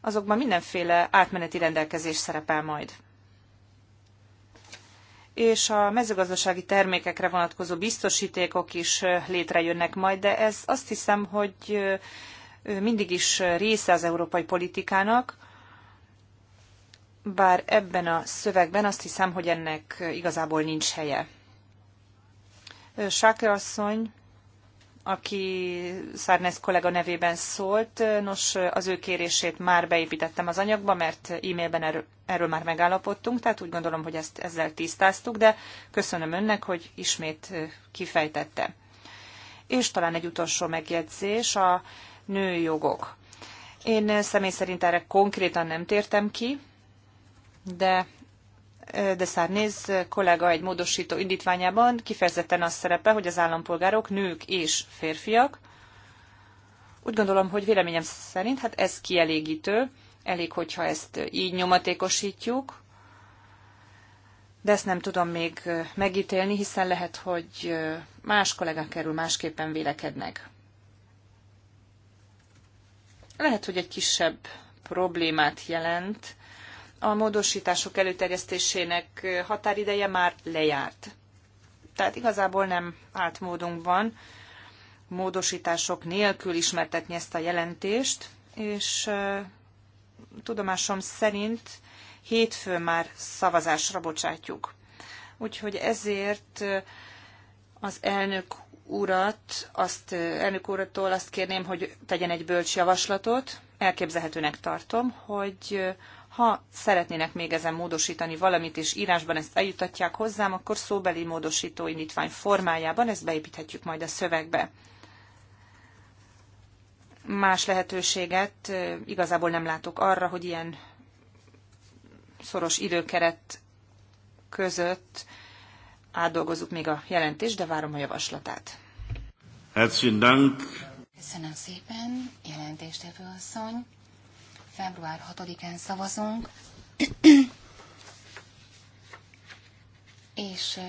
azokban mindenféle átmeneti rendelkezés szerepel majd. És a mezőgazdasági termékekre vonatkozó biztosítékok is létrejönnek majd, de ez azt hiszem, hogy mindig is része az európai politikának, bár ebben a szövegben azt hiszem, hogy ennek igazából nincs helye. Sáke asszony, aki Szárnesz kollega nevében szólt, nos, az ő kérését már beépítettem az anyagba, mert e-mailben erről, erről már megállapodtunk, tehát úgy gondolom, hogy ezt ezzel tisztáztuk, de köszönöm önnek, hogy ismét kifejtette. És talán egy utolsó megjegyzés, a nőjogok. Én személy szerint erre konkrétan nem tértem ki, de de Szárnéz kollega egy módosító indítványában kifejezetten az szerepe, hogy az állampolgárok nők és férfiak. Úgy gondolom, hogy véleményem szerint hát ez kielégítő, elég, hogyha ezt így nyomatékosítjuk, de ezt nem tudom még megítélni, hiszen lehet, hogy más kollégák kerül másképpen vélekednek. Lehet, hogy egy kisebb problémát jelent, a módosítások előterjesztésének határideje már lejárt. Tehát igazából nem állt módunkban módosítások nélkül ismertetni ezt a jelentést, és tudomásom szerint hétfőn már szavazásra bocsátjuk. Úgyhogy ezért az elnök urat, azt, elnök urattól azt kérném, hogy tegyen egy bölcs javaslatot. Elképzelhetőnek tartom, hogy ha szeretnének még ezen módosítani valamit, és írásban ezt eljutatják hozzám, akkor szóbeli módosító indítvány formájában ezt beépíthetjük majd a szövegbe. Más lehetőséget igazából nem látok arra, hogy ilyen szoros időkeret között átdolgozzuk még a jelentést, de várom a javaslatát. Köszönöm szépen, jelentéstevő asszony február 6-án szavazunk, és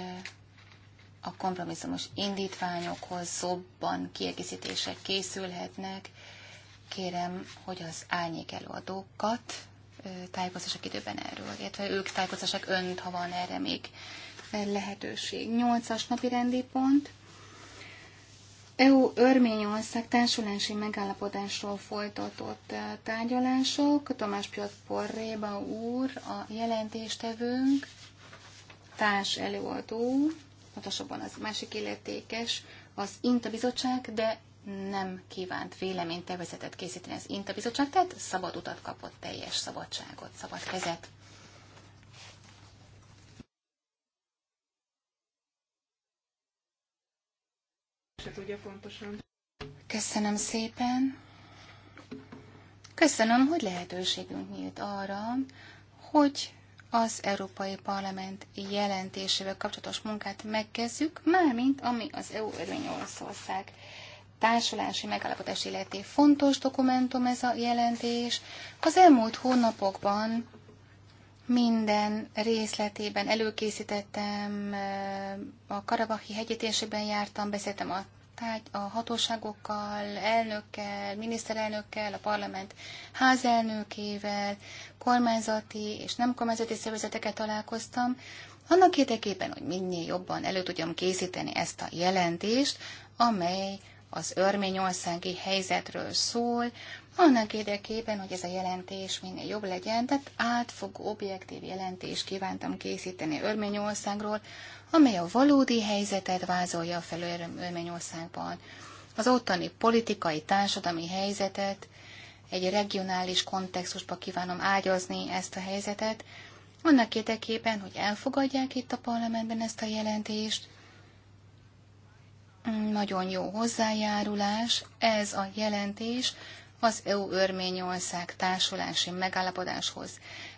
a kompromisszumos indítványokhoz szobban kiegészítések készülhetnek. Kérem, hogy az álnyék előadókat tájékoztassak időben erről, illetve ők tájékoztassák önt, ha van erre még lehetőség. Nyolcas napi rendi pont. EU-Örményország társulási megállapodásról folytatott eh, tárgyalások. Tomás Piotr Porréba úr, a jelentéstevőnk, társ előadó, pontosabban az másik illetékes, az INTA bizottság, de nem kívánt véleménytervezetet készíteni az INTA bizottság, tehát szabad utat kapott, teljes szabadságot, szabad kezet. se tudja pontosan. Köszönöm szépen. Köszönöm, hogy lehetőségünk nyílt arra, hogy az Európai Parlament jelentésével kapcsolatos munkát megkezdjük, mármint ami az EU örvény Oroszország társulási megállapodás illeti fontos dokumentum ez a jelentés. Az elmúlt hónapokban minden részletében előkészítettem, eh, a Karabahi hegyetésében jártam, beszéltem a, táj, a hatóságokkal, elnökkel, miniszterelnökkel, a parlament házelnökével, kormányzati és nem kormányzati szervezeteket találkoztam, annak érdekében, hogy minél jobban elő tudjam készíteni ezt a jelentést, amely az örményországi helyzetről szól, annak érdekében, hogy ez a jelentés minél jobb legyen, tehát átfogó, objektív jelentés kívántam készíteni Örményországról, amely a valódi helyzetet vázolja fel Örményországban, az ottani politikai, társadalmi helyzetet, egy regionális kontextusba kívánom ágyazni ezt a helyzetet, annak érdekében, hogy elfogadják itt a parlamentben ezt a jelentést, nagyon jó hozzájárulás, ez a jelentés az EU-Örményország társulási megállapodáshoz.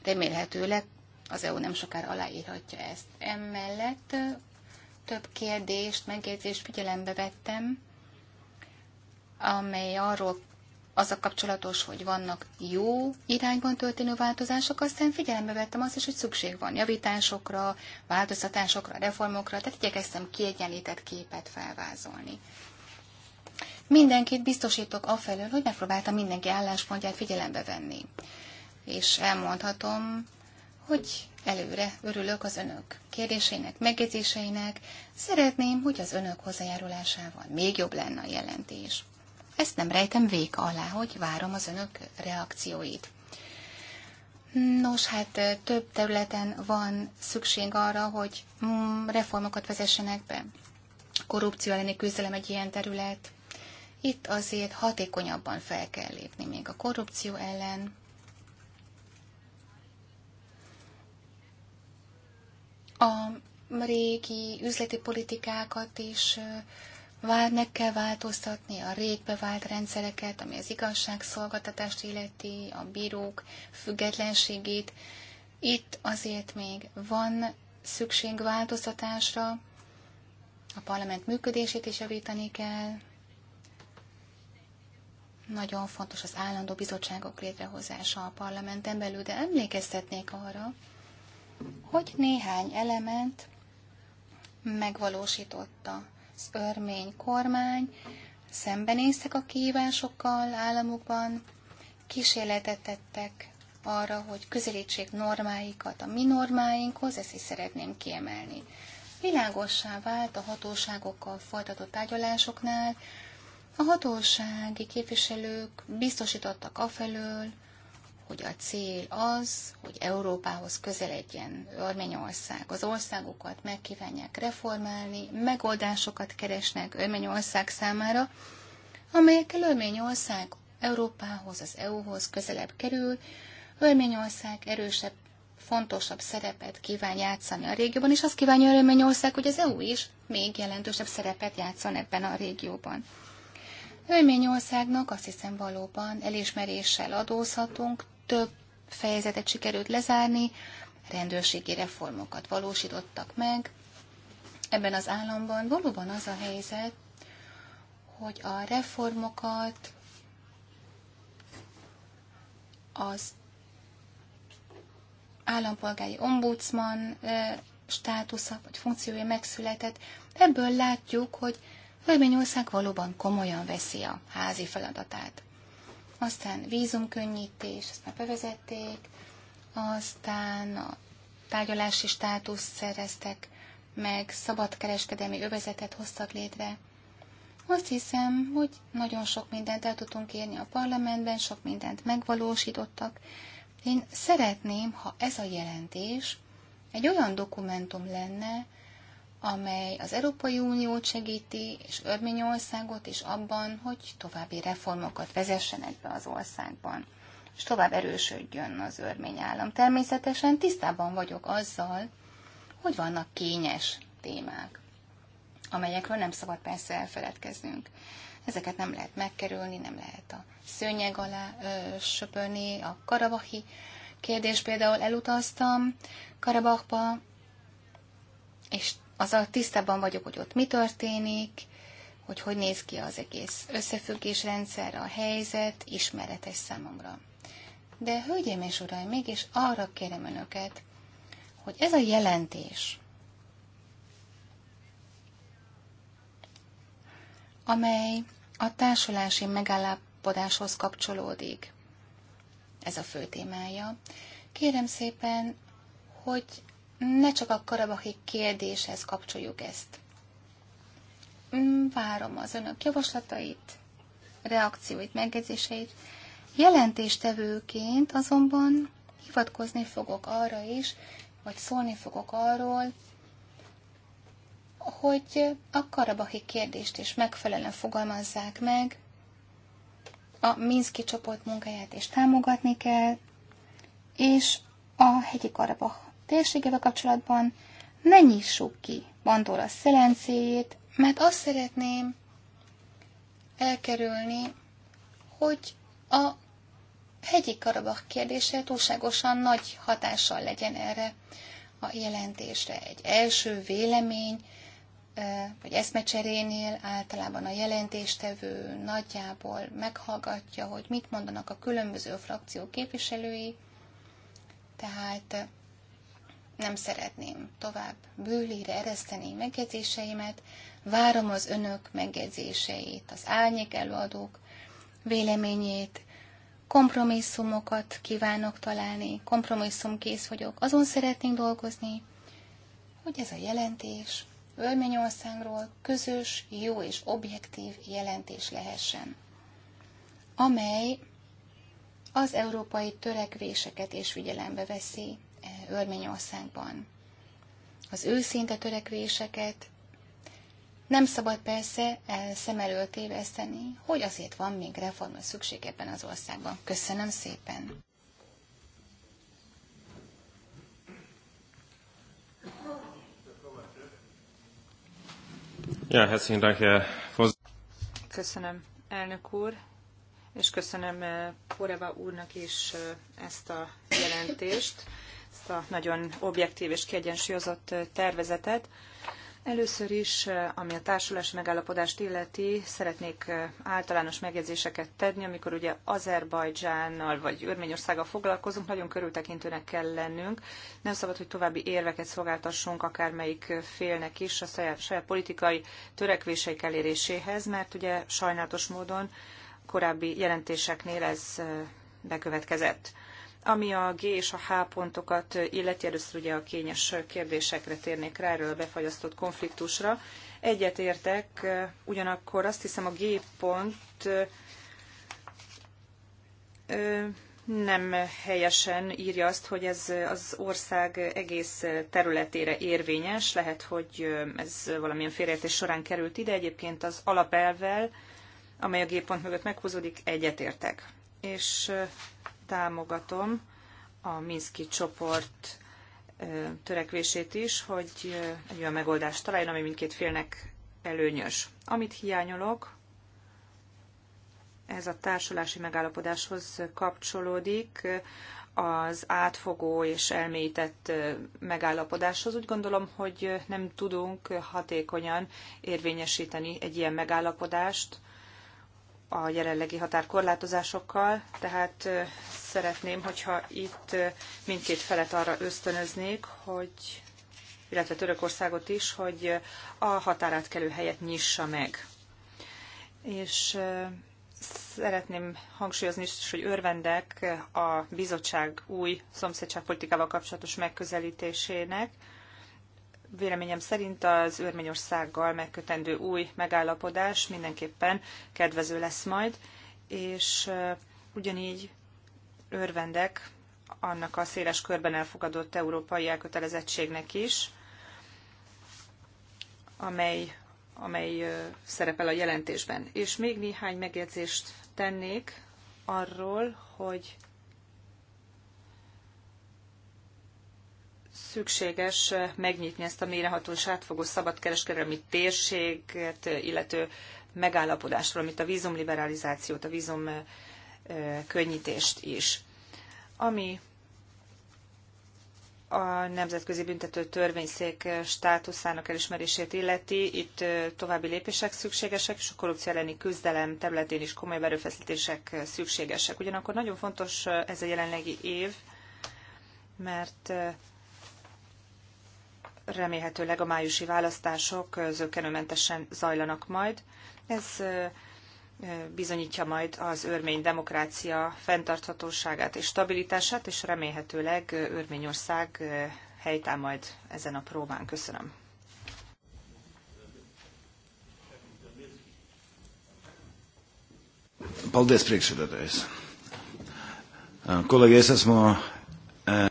Remélhetőleg az EU nem sokára aláírhatja ezt. Emellett több kérdést, megjegyzést figyelembe vettem, amely arról az a kapcsolatos, hogy vannak jó irányban történő változások, aztán figyelembe vettem azt is, hogy szükség van javításokra, változtatásokra, reformokra, tehát igyekeztem kiegyenlített képet felvázolni. Mindenkit biztosítok afelől, hogy megpróbáltam mindenki álláspontját figyelembe venni. És elmondhatom, hogy előre örülök az önök kérdésének, megjegyzéseinek, szeretném, hogy az önök hozzájárulásával még jobb lenne a jelentés. Ezt nem rejtem véka alá, hogy várom az önök reakcióit. Nos, hát több területen van szükség arra, hogy mm, reformokat vezessenek be. Korrupció elleni küzdelem egy ilyen terület. Itt azért hatékonyabban fel kell lépni még a korrupció ellen. A régi üzleti politikákat is Vár, meg kell változtatni a régbe vált rendszereket, ami az igazságszolgáltatást illeti, a bírók függetlenségét. Itt azért még van szükség változtatásra, a parlament működését is javítani kell. Nagyon fontos az állandó bizottságok létrehozása a parlamenten belül, de emlékeztetnék arra, hogy néhány element megvalósította az örmény kormány, szembenéztek a kívásokkal államukban, kísérletet tettek arra, hogy közelítsék normáikat a mi normáinkhoz, ezt is szeretném kiemelni. Világossá vált a hatóságokkal folytatott tárgyalásoknál, a hatósági képviselők biztosítottak afelől, hogy a cél az, hogy Európához közeledjen Örményország. Az országokat megkívánják reformálni, megoldásokat keresnek Örményország számára, amelyekkel Örményország Európához, az EU-hoz közelebb kerül, Örményország erősebb, fontosabb szerepet kíván játszani a régióban, és azt kívánja Örményország, hogy az EU is még jelentősebb szerepet játszon ebben a régióban. Örményországnak azt hiszem valóban elismeréssel adózhatunk, több fejezetet sikerült lezárni, rendőrségi reformokat valósítottak meg. Ebben az államban valóban az a helyzet, hogy a reformokat az állampolgári ombudsman státusza vagy funkciója megszületett. Ebből látjuk, hogy Örményország valóban komolyan veszi a házi feladatát aztán vízumkönnyítés, ezt már bevezették, aztán a tárgyalási státuszt szereztek meg, szabadkereskedelmi övezetet hoztak létre. Azt hiszem, hogy nagyon sok mindent el tudtunk érni a parlamentben, sok mindent megvalósítottak. Én szeretném, ha ez a jelentés egy olyan dokumentum lenne, amely az Európai Uniót segíti, és Örményországot is abban, hogy további reformokat vezessenek be az országban, és tovább erősödjön az örmény állam. Természetesen tisztában vagyok azzal, hogy vannak kényes témák, amelyekről nem szabad persze elfeledkeznünk. Ezeket nem lehet megkerülni, nem lehet a szőnyeg alá ö, söpörni. A karabahi kérdés például elutaztam Karabachba, és azzal tisztában vagyok, hogy ott mi történik, hogy hogy néz ki az egész összefüggésrendszer, a helyzet, ismeretes számomra. De hölgyeim és uraim, mégis arra kérem önöket, hogy ez a jelentés, amely a társulási megállapodáshoz kapcsolódik, ez a fő témája, kérem szépen, hogy ne csak a karabahi kérdéshez kapcsoljuk ezt. Mm, várom az önök javaslatait, reakcióit, megjegyzéseit. Jelentéstevőként azonban hivatkozni fogok arra is, vagy szólni fogok arról, hogy a karabahi kérdést is megfelelően fogalmazzák meg, a Minszki csoport munkáját is támogatni kell, és a hegyi karabah térségével kapcsolatban ne nyissuk ki Pandora szelencéjét, mert azt szeretném elkerülni, hogy a hegyi karabak kérdése túlságosan nagy hatással legyen erre a jelentésre. Egy első vélemény, vagy eszmecserénél általában a jelentéstevő nagyjából meghallgatja, hogy mit mondanak a különböző frakció képviselői, tehát nem szeretném tovább bőlére ereszteni megjegyzéseimet, várom az önök megjegyzéseit, az álnyék előadók véleményét, kompromisszumokat kívánok találni, kompromisszumkész vagyok, azon szeretnénk dolgozni, hogy ez a jelentés Örményországról közös, jó és objektív jelentés lehessen, amely az európai törekvéseket is figyelembe veszi, Örményországban. Az őszinte törekvéseket nem szabad persze szem előtt téveszteni, hogy azért van még reformra szükség ebben az országban. Köszönöm szépen! Ja, Köszönöm, elnök úr, és köszönöm eh, Poreva úrnak is eh, ezt a jelentést ezt a nagyon objektív és kiegyensúlyozott tervezetet. Először is, ami a társulási megállapodást illeti, szeretnék általános megjegyzéseket tenni, amikor ugye Azerbajdzsánnal vagy Örményországgal foglalkozunk, nagyon körültekintőnek kell lennünk. Nem szabad, hogy további érveket szolgáltassunk akármelyik félnek is a saját, saját politikai törekvéseik eléréséhez, mert ugye sajnálatos módon korábbi jelentéseknél ez bekövetkezett. Ami a G és a H pontokat illeti, először ugye a kényes kérdésekre térnék rá, erről a befagyasztott konfliktusra. Egyetértek, ugyanakkor azt hiszem a G pont nem helyesen írja azt, hogy ez az ország egész területére érvényes. Lehet, hogy ez valamilyen félreértés során került ide. Egyébként az alapelvel, amely a G pont mögött meghúzódik, egyetértek. És támogatom a Minszki csoport törekvését is, hogy egy olyan megoldást találjon, ami mindkét félnek előnyös. Amit hiányolok, ez a társulási megállapodáshoz kapcsolódik, az átfogó és elmélyített megállapodáshoz. Úgy gondolom, hogy nem tudunk hatékonyan érvényesíteni egy ilyen megállapodást, a jelenlegi határkorlátozásokkal, tehát szeretném, hogyha itt mindkét felet arra ösztönöznék, hogy, illetve Törökországot is, hogy a határátkelő helyet nyissa meg. És szeretném hangsúlyozni is, hogy örvendek a bizottság új szomszédságpolitikával kapcsolatos megközelítésének, véleményem szerint az Örményországgal megkötendő új megállapodás mindenképpen kedvező lesz majd, és ugyanígy örvendek annak a széles körben elfogadott európai elkötelezettségnek is, amely, amely szerepel a jelentésben. És még néhány megjegyzést tennék arról, hogy szükséges megnyitni ezt a méreható és átfogó szabadkereskedelmi térséget, illető megállapodásról, amit a vízumliberalizációt, a vízum könnyítést is. Ami a Nemzetközi Büntető Törvényszék státuszának elismerését illeti, itt további lépések szükségesek, és a korrupció elleni küzdelem területén is komolyabb erőfeszítések szükségesek. Ugyanakkor nagyon fontos ez a jelenlegi év, mert remélhetőleg a májusi választások zökkenőmentesen zajlanak majd. Ez bizonyítja majd az örmény demokrácia fenntarthatóságát és stabilitását, és remélhetőleg Örményország helytáll majd ezen a próbán. Köszönöm. Paldies, priekšsēdētājs. Kolēģi, es esmu... Eh,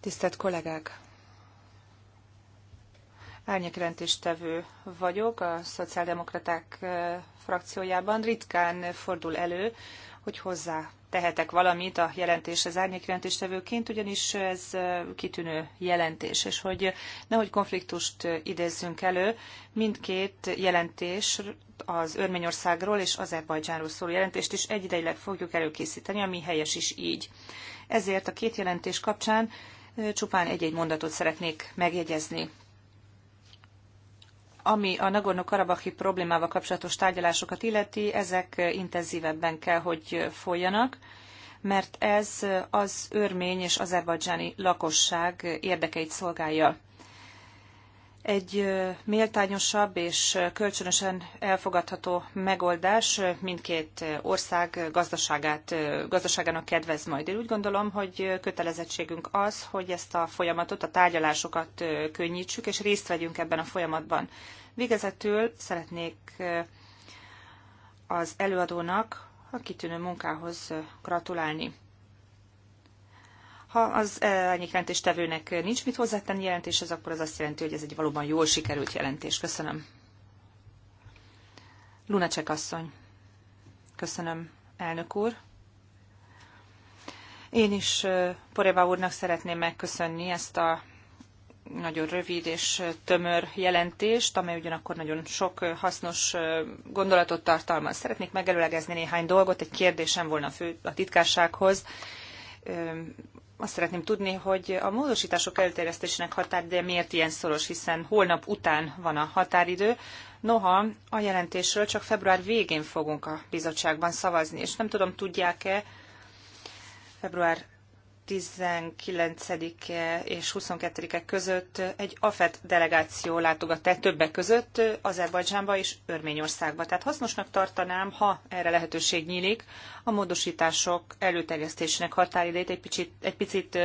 Tisztelt kollégák! árnyékrendtéstevő vagyok a szociáldemokraták frakciójában. Ritkán fordul elő, hogy hozzá tehetek valamit a jelentéshez árnyékjelentéstevőként, ugyanis ez kitűnő jelentés, és hogy nehogy konfliktust idézzünk elő, mindkét jelentés az Örményországról és Azerbajdzsánról szóló jelentést is egyidejileg fogjuk előkészíteni, ami helyes is így. Ezért a két jelentés kapcsán csupán egy-egy mondatot szeretnék megjegyezni. Ami a Nagorno-Karabahi problémával kapcsolatos tárgyalásokat illeti, ezek intenzívebben kell, hogy folyjanak, mert ez az örmény és azerbajdzsáni lakosság érdekeit szolgálja egy méltányosabb és kölcsönösen elfogadható megoldás mindkét ország gazdaságát, gazdaságának kedvez majd. Én úgy gondolom, hogy kötelezettségünk az, hogy ezt a folyamatot, a tárgyalásokat könnyítsük, és részt vegyünk ebben a folyamatban. Végezetül szeretnék az előadónak a kitűnő munkához gratulálni. Ha az jelentéstevőnek nincs mit hozzátenni jelentéshez, akkor az azt jelenti, hogy ez egy valóban jól sikerült jelentés. Köszönöm. Lunacek asszony. Köszönöm, elnök úr. Én is Poreba úrnak szeretném megköszönni ezt a nagyon rövid és tömör jelentést, amely ugyanakkor nagyon sok hasznos gondolatot tartalmaz. Szeretnék megelőlegezni néhány dolgot, egy kérdésem volna a, fő, a titkársághoz azt szeretném tudni, hogy a módosítások előterjesztésének határideje miért ilyen szoros, hiszen holnap után van a határidő. Noha a jelentésről csak február végén fogunk a bizottságban szavazni, és nem tudom, tudják-e, február 19 és 22-e között egy AFET delegáció látogat el többek között Azerbajdzsánba és Örményországba. Tehát hasznosnak tartanám, ha erre lehetőség nyílik, a módosítások előterjesztésének határidejét egy picit, egy picit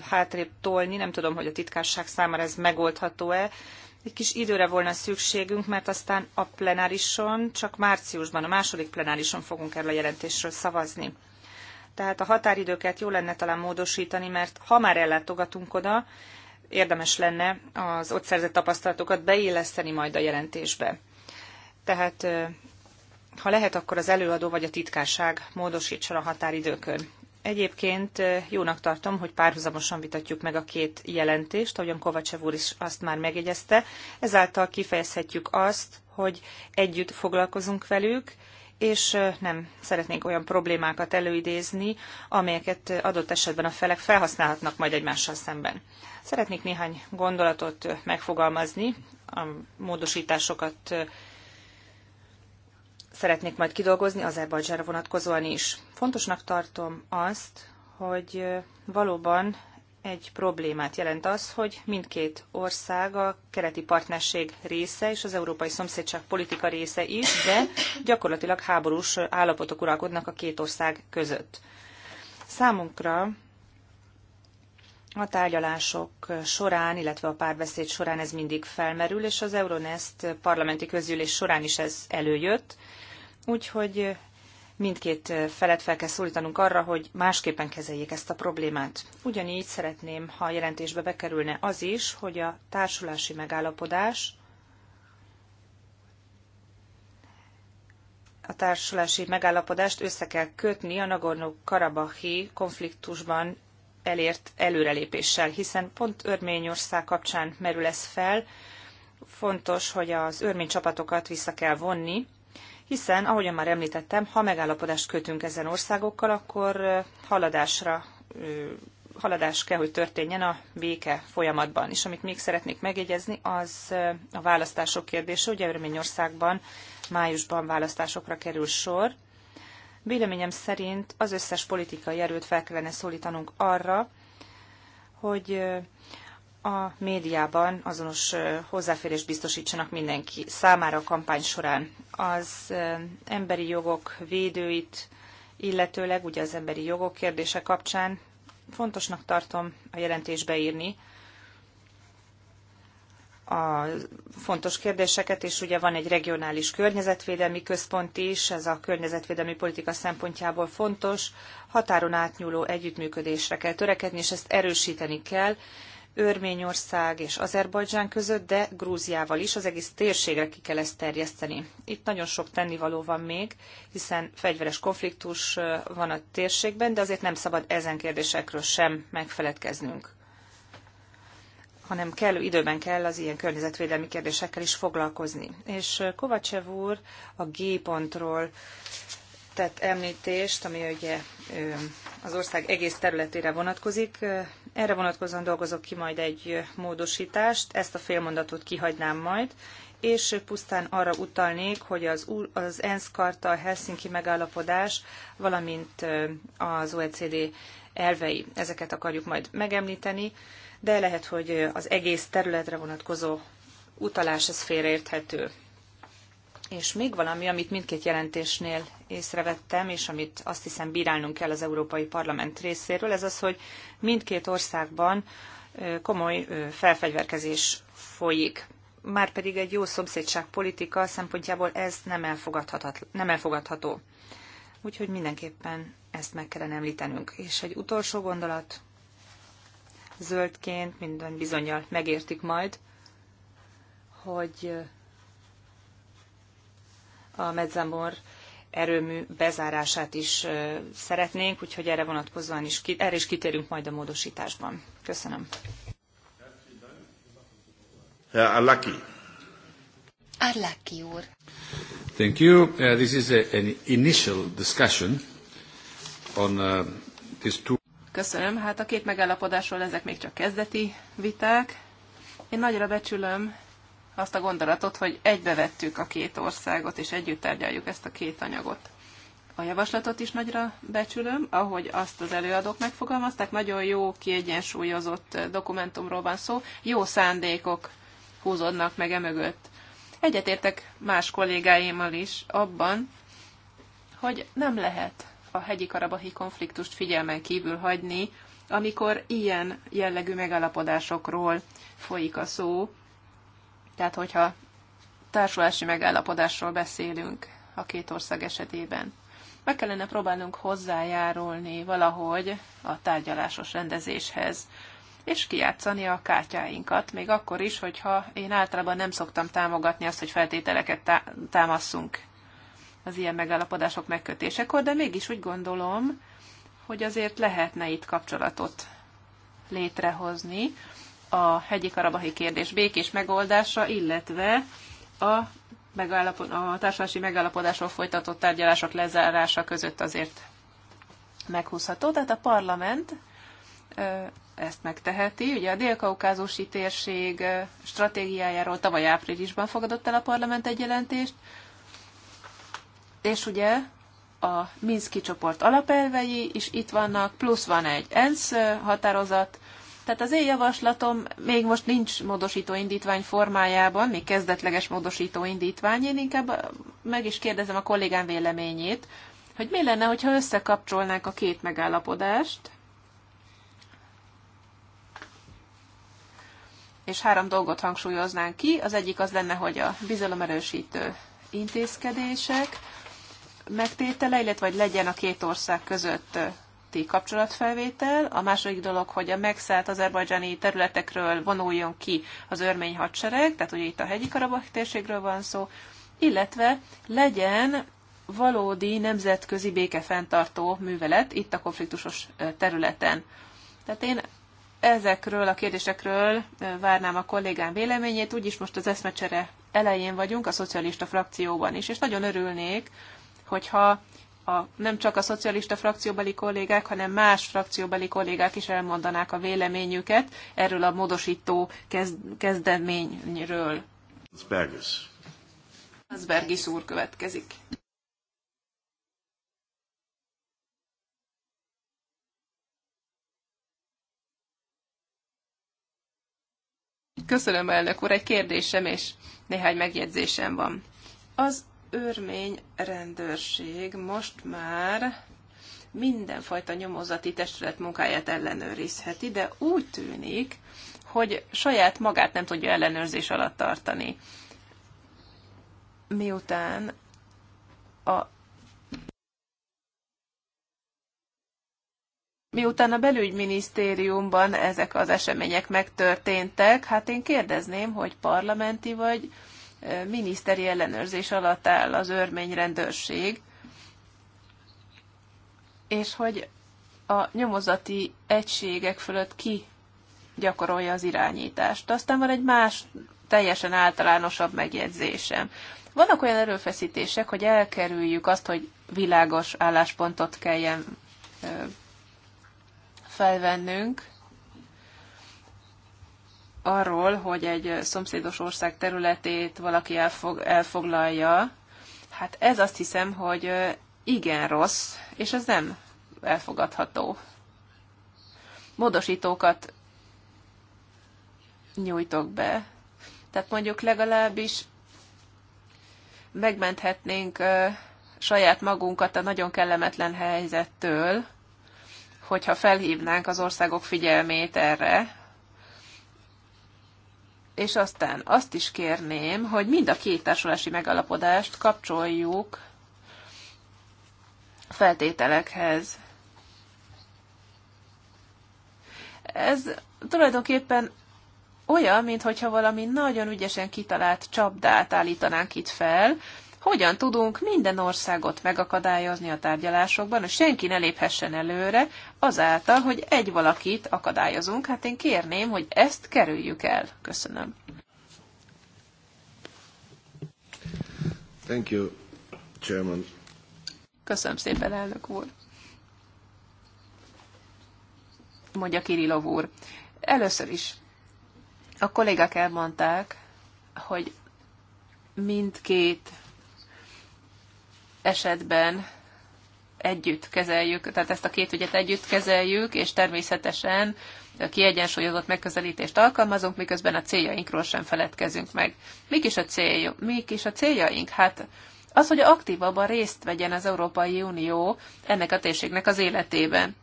hátrébb tolni. Nem tudom, hogy a titkárság számára ez megoldható-e. Egy kis időre volna szükségünk, mert aztán a plenárison, csak márciusban, a második plenárison fogunk erről a jelentésről szavazni tehát a határidőket jó lenne talán módosítani, mert ha már ellátogatunk oda, érdemes lenne az ott szerzett tapasztalatokat beilleszteni majd a jelentésbe. Tehát ha lehet, akkor az előadó vagy a titkárság módosítson a határidőkön. Egyébként jónak tartom, hogy párhuzamosan vitatjuk meg a két jelentést, ahogyan Kovacsev úr is azt már megjegyezte. Ezáltal kifejezhetjük azt, hogy együtt foglalkozunk velük, és nem szeretnénk olyan problémákat előidézni, amelyeket adott esetben a felek felhasználhatnak majd egymással szemben. Szeretnék néhány gondolatot megfogalmazni, a módosításokat szeretnék majd kidolgozni Azerbajdzsára vonatkozóan is. Fontosnak tartom azt, hogy valóban egy problémát jelent az, hogy mindkét ország a keleti partnerség része és az európai szomszédság politika része is, de gyakorlatilag háborús állapotok uralkodnak a két ország között. Számunkra a tárgyalások során, illetve a párbeszéd során ez mindig felmerül, és az Euronest parlamenti közülés során is ez előjött, úgyhogy mindkét eh, felet fel kell szólítanunk arra, hogy másképpen kezeljék ezt a problémát. Ugyanígy szeretném, ha a jelentésbe bekerülne az is, hogy a társulási megállapodás a társulási megállapodást össze kell kötni a Nagorno-Karabahi konfliktusban elért előrelépéssel, hiszen pont Örményország kapcsán merül ez fel. Fontos, hogy az örmény csapatokat vissza kell vonni, hiszen, ahogyan már említettem, ha megállapodást kötünk ezen országokkal, akkor haladásra haladás kell, hogy történjen a béke folyamatban. És amit még szeretnék megjegyezni, az a választások kérdése. Ugye Örményországban májusban választásokra kerül sor. Véleményem szerint az összes politikai erőt fel kellene szólítanunk arra, hogy a médiában azonos hozzáférés biztosítsanak mindenki számára a kampány során. Az emberi jogok védőit, illetőleg ugye az emberi jogok kérdése kapcsán fontosnak tartom a jelentésbe írni a fontos kérdéseket, és ugye van egy regionális környezetvédelmi központ is, ez a környezetvédelmi politika szempontjából fontos, határon átnyúló együttműködésre kell törekedni, és ezt erősíteni kell, Örményország és Azerbajdzsán között, de Grúziával is, az egész térségre ki kell ezt terjeszteni. Itt nagyon sok tennivaló van még, hiszen fegyveres konfliktus van a térségben, de azért nem szabad ezen kérdésekről sem megfeledkeznünk hanem kellő időben kell az ilyen környezetvédelmi kérdésekkel is foglalkozni. És Kovacsev úr a G pontról tett említést, ami ugye az ország egész területére vonatkozik. Erre vonatkozóan dolgozok ki majd egy módosítást, ezt a félmondatot kihagynám majd, és pusztán arra utalnék, hogy az, az ENSZ karta, a Helsinki megállapodás, valamint az OECD elvei, ezeket akarjuk majd megemlíteni, de lehet, hogy az egész területre vonatkozó utalás ez félreérthető. És még valami, amit mindkét jelentésnél észrevettem, és amit azt hiszem bírálnunk kell az Európai Parlament részéről, ez az, hogy mindkét országban komoly felfegyverkezés folyik. Márpedig egy jó szomszédság politika szempontjából ez nem, nem elfogadható. Úgyhogy mindenképpen ezt meg kellene említenünk. És egy utolsó gondolat, zöldként minden bizonyal megértik majd, hogy a Medzamor erőmű bezárását is szeretnénk, úgyhogy erre vonatkozóan is, erre is kitérünk majd a módosításban. Köszönöm. Arlaki. Arlaki úr. Thank you. Uh, this is a, an initial discussion on uh, these two. Köszönöm. Hát a két megállapodásról ezek még csak kezdeti viták. Én nagyra becsülöm azt a gondolatot, hogy egybevettük a két országot, és együtt tárgyaljuk ezt a két anyagot. A javaslatot is nagyra becsülöm, ahogy azt az előadók megfogalmazták, nagyon jó, kiegyensúlyozott dokumentumról van szó, jó szándékok húzódnak meg emögött. Egyetértek más kollégáimmal is abban, hogy nem lehet a hegyi karabahi konfliktust figyelmen kívül hagyni, amikor ilyen jellegű megalapodásokról folyik a szó, tehát, hogyha társulási megállapodásról beszélünk a két ország esetében, meg kellene próbálnunk hozzájárulni valahogy a tárgyalásos rendezéshez, és kijátszani a kártyáinkat, még akkor is, hogyha én általában nem szoktam támogatni azt, hogy feltételeket támaszunk az ilyen megállapodások megkötésekor, de mégis úgy gondolom, hogy azért lehetne itt kapcsolatot létrehozni, a hegyi karabahi kérdés békés megoldása, illetve a, megállapod, a társadalmi megállapodásról folytatott tárgyalások lezárása között azért meghúzható. Tehát a parlament ezt megteheti. Ugye a dél-kaukázusi térség stratégiájáról tavaly áprilisban fogadott el a parlament egy jelentést, és ugye a Minszki csoport alapelvei is itt vannak, plusz van egy ENSZ határozat, tehát az én javaslatom még most nincs módosító indítvány formájában, még kezdetleges módosító indítvány. Én inkább meg is kérdezem a kollégám véleményét, hogy mi lenne, hogyha összekapcsolnánk a két megállapodást, és három dolgot hangsúlyoznánk ki. Az egyik az lenne, hogy a bizalomerősítő intézkedések megtétele, illetve hogy legyen a két ország között közötti kapcsolatfelvétel, a második dolog, hogy a megszállt azerbajdzsáni területekről vonuljon ki az örmény hadsereg, tehát ugye itt a hegyi Karabakh térségről van szó, illetve legyen valódi nemzetközi békefenntartó művelet itt a konfliktusos területen. Tehát én ezekről a kérdésekről várnám a kollégám véleményét, úgyis most az eszmecsere elején vagyunk, a szocialista frakcióban is, és nagyon örülnék, hogyha a, nem csak a szocialista frakcióbeli kollégák, hanem más frakcióbeli kollégák is elmondanák a véleményüket erről a módosító kezd, kezdeményről. Asbergis. Asbergis úr következik. Köszönöm, elnök úr, egy kérdésem és néhány megjegyzésem van. Az örmény rendőrség most már mindenfajta nyomozati testület munkáját ellenőrizheti, de úgy tűnik, hogy saját magát nem tudja ellenőrzés alatt tartani. Miután a Miután a belügyminisztériumban ezek az események megtörténtek, hát én kérdezném, hogy parlamenti vagy miniszteri ellenőrzés alatt áll az örmény rendőrség, és hogy a nyomozati egységek fölött ki gyakorolja az irányítást. Aztán van egy más, teljesen általánosabb megjegyzésem. Vannak olyan erőfeszítések, hogy elkerüljük azt, hogy világos álláspontot kelljen felvennünk, arról, hogy egy szomszédos ország területét valaki elfog, elfoglalja, hát ez azt hiszem, hogy igen rossz, és ez nem elfogadható. Módosítókat nyújtok be. Tehát mondjuk legalábbis megmenthetnénk saját magunkat a nagyon kellemetlen helyzettől, hogyha felhívnánk az országok figyelmét erre, és aztán azt is kérném, hogy mind a két társulási megalapodást kapcsoljuk feltételekhez. Ez tulajdonképpen olyan, mintha valami nagyon ügyesen kitalált csapdát állítanánk itt fel, hogyan tudunk minden országot megakadályozni a tárgyalásokban, hogy senki ne léphessen előre azáltal, hogy egy valakit akadályozunk. Hát én kérném, hogy ezt kerüljük el. Köszönöm. Thank you, Chairman. Köszönöm szépen, elnök úr. Mondja Kirilov úr. Először is a kollégák elmondták, hogy mindkét esetben együtt kezeljük, tehát ezt a két ügyet együtt kezeljük, és természetesen kiegyensúlyozott megközelítést alkalmazunk, miközben a céljainkról sem feledkezünk meg. Mik is a, célja, mik is a céljaink? Hát az, hogy aktívabban részt vegyen az Európai Unió ennek a térségnek az életében.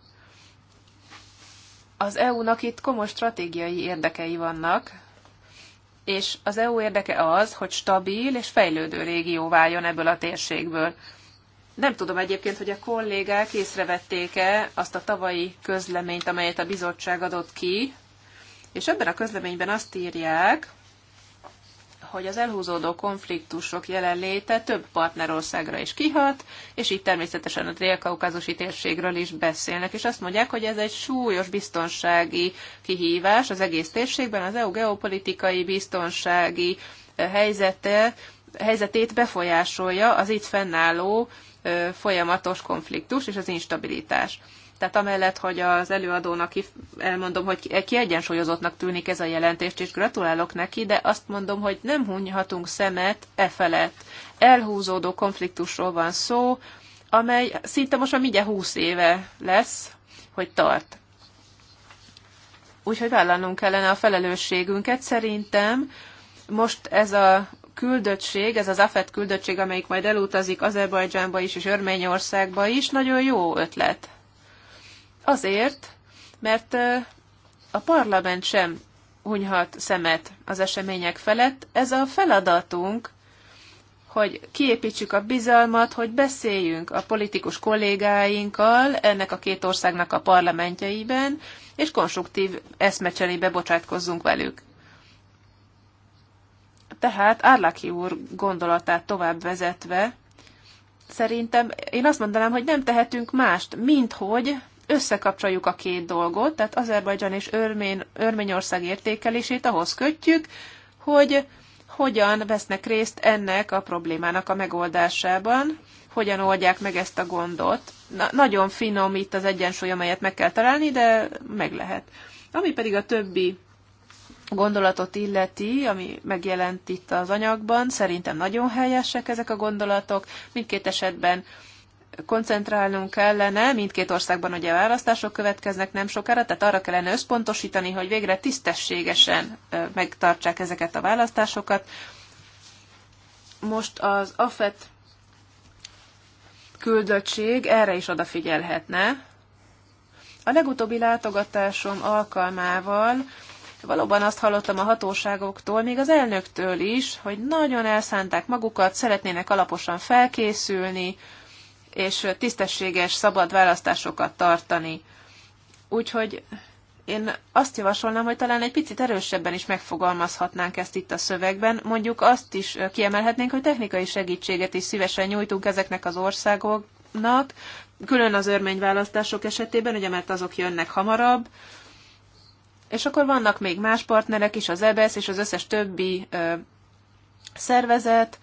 Az EU-nak itt komoly stratégiai érdekei vannak, és az EU érdeke az, hogy stabil és fejlődő régió váljon ebből a térségből. Nem tudom egyébként, hogy a kollégák észrevették-e azt a tavalyi közleményt, amelyet a bizottság adott ki, és ebben a közleményben azt írják, hogy az elhúzódó konfliktusok jelenléte több partnerországra is kihat, és így természetesen a dél-kaukázusi térségről is beszélnek, és azt mondják, hogy ez egy súlyos biztonsági kihívás az egész térségben, az EU geopolitikai biztonsági eh, helyzete, helyzetét befolyásolja az itt fennálló eh, folyamatos konfliktus és az instabilitás. Tehát amellett, hogy az előadónak elmondom, hogy kiegyensúlyozottnak tűnik ez a jelentést, és gratulálok neki, de azt mondom, hogy nem hunyhatunk szemet e felett. Elhúzódó konfliktusról van szó, amely szinte most már mindjárt húsz éve lesz, hogy tart. Úgyhogy vállalnunk kellene a felelősségünket. Szerintem most ez a küldöttség, ez az AFET küldöttség, amelyik majd elutazik Azerbajdzsánba is és Örményországba is, nagyon jó ötlet. Azért, mert a parlament sem hunyhat szemet az események felett. Ez a feladatunk, hogy kiépítsük a bizalmat, hogy beszéljünk a politikus kollégáinkkal ennek a két országnak a parlamentjeiben, és konstruktív eszmecserébe bocsátkozzunk velük. Tehát Árlaki úr gondolatát tovább vezetve, szerintem én azt mondanám, hogy nem tehetünk mást, mint hogy összekapcsoljuk a két dolgot, tehát Azerbajdzsán és Örmény, Örményország értékelését ahhoz kötjük, hogy hogyan vesznek részt ennek a problémának a megoldásában, hogyan oldják meg ezt a gondot. Na, nagyon finom itt az egyensúly, amelyet meg kell találni, de meg lehet. Ami pedig a többi gondolatot illeti, ami megjelent itt az anyagban, szerintem nagyon helyesek ezek a gondolatok. Mindkét esetben koncentrálnunk kellene, mindkét országban ugye választások következnek nem sokára, tehát arra kellene összpontosítani, hogy végre tisztességesen megtartsák ezeket a választásokat. Most az AFET küldöttség erre is odafigyelhetne. A legutóbbi látogatásom alkalmával valóban azt hallottam a hatóságoktól, még az elnöktől is, hogy nagyon elszánták magukat, szeretnének alaposan felkészülni, és tisztességes, szabad választásokat tartani. Úgyhogy én azt javasolnám, hogy talán egy picit erősebben is megfogalmazhatnánk ezt itt a szövegben. Mondjuk azt is kiemelhetnénk, hogy technikai segítséget is szívesen nyújtunk ezeknek az országoknak, külön az örményválasztások esetében, ugye mert azok jönnek hamarabb, és akkor vannak még más partnerek is, az EBSZ e és az összes többi ö, szervezet,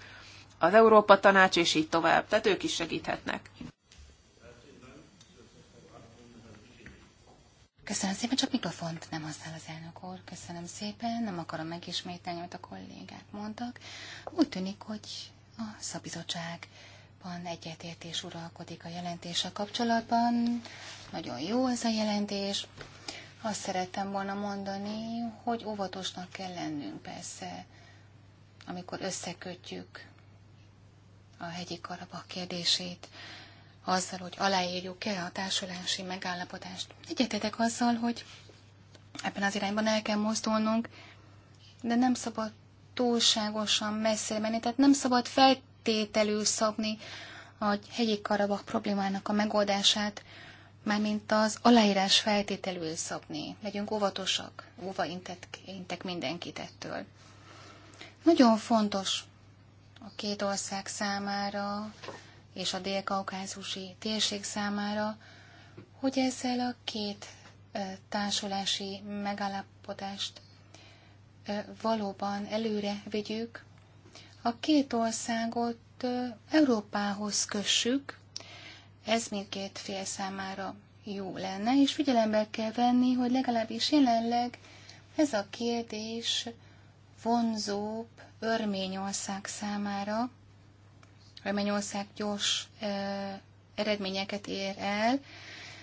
az Európa Tanács, és így tovább. Tehát ők is segíthetnek. Köszönöm szépen, csak mikrofont nem használ az elnök úr. Köszönöm szépen, nem akarom megismételni, amit a kollégák mondtak. Úgy tűnik, hogy a van egyetértés uralkodik a jelentése kapcsolatban. Nagyon jó ez a jelentés. Azt szerettem volna mondani, hogy óvatosnak kell lennünk persze, amikor összekötjük a hegyi Karabak kérdését, azzal, hogy aláírjuk-e a társulási megállapodást. Egyetetek azzal, hogy ebben az irányban el kell mozdulnunk, de nem szabad túlságosan messzire menni, tehát nem szabad feltételül szabni a hegyi Karabak problémának a megoldását, mármint az aláírás feltételül szabni. Legyünk óvatosak, óva intek, mindenkit ettől. Nagyon fontos a két ország számára és a dél-kaukázusi térség számára, hogy ezzel a két társulási megállapodást valóban előre vigyük, a két országot Európához kössük, ez mindkét fél számára jó lenne, és figyelembe kell venni, hogy legalábbis jelenleg ez a kérdés vonzóbb Örményország számára, Örményország gyors ö, eredményeket ér el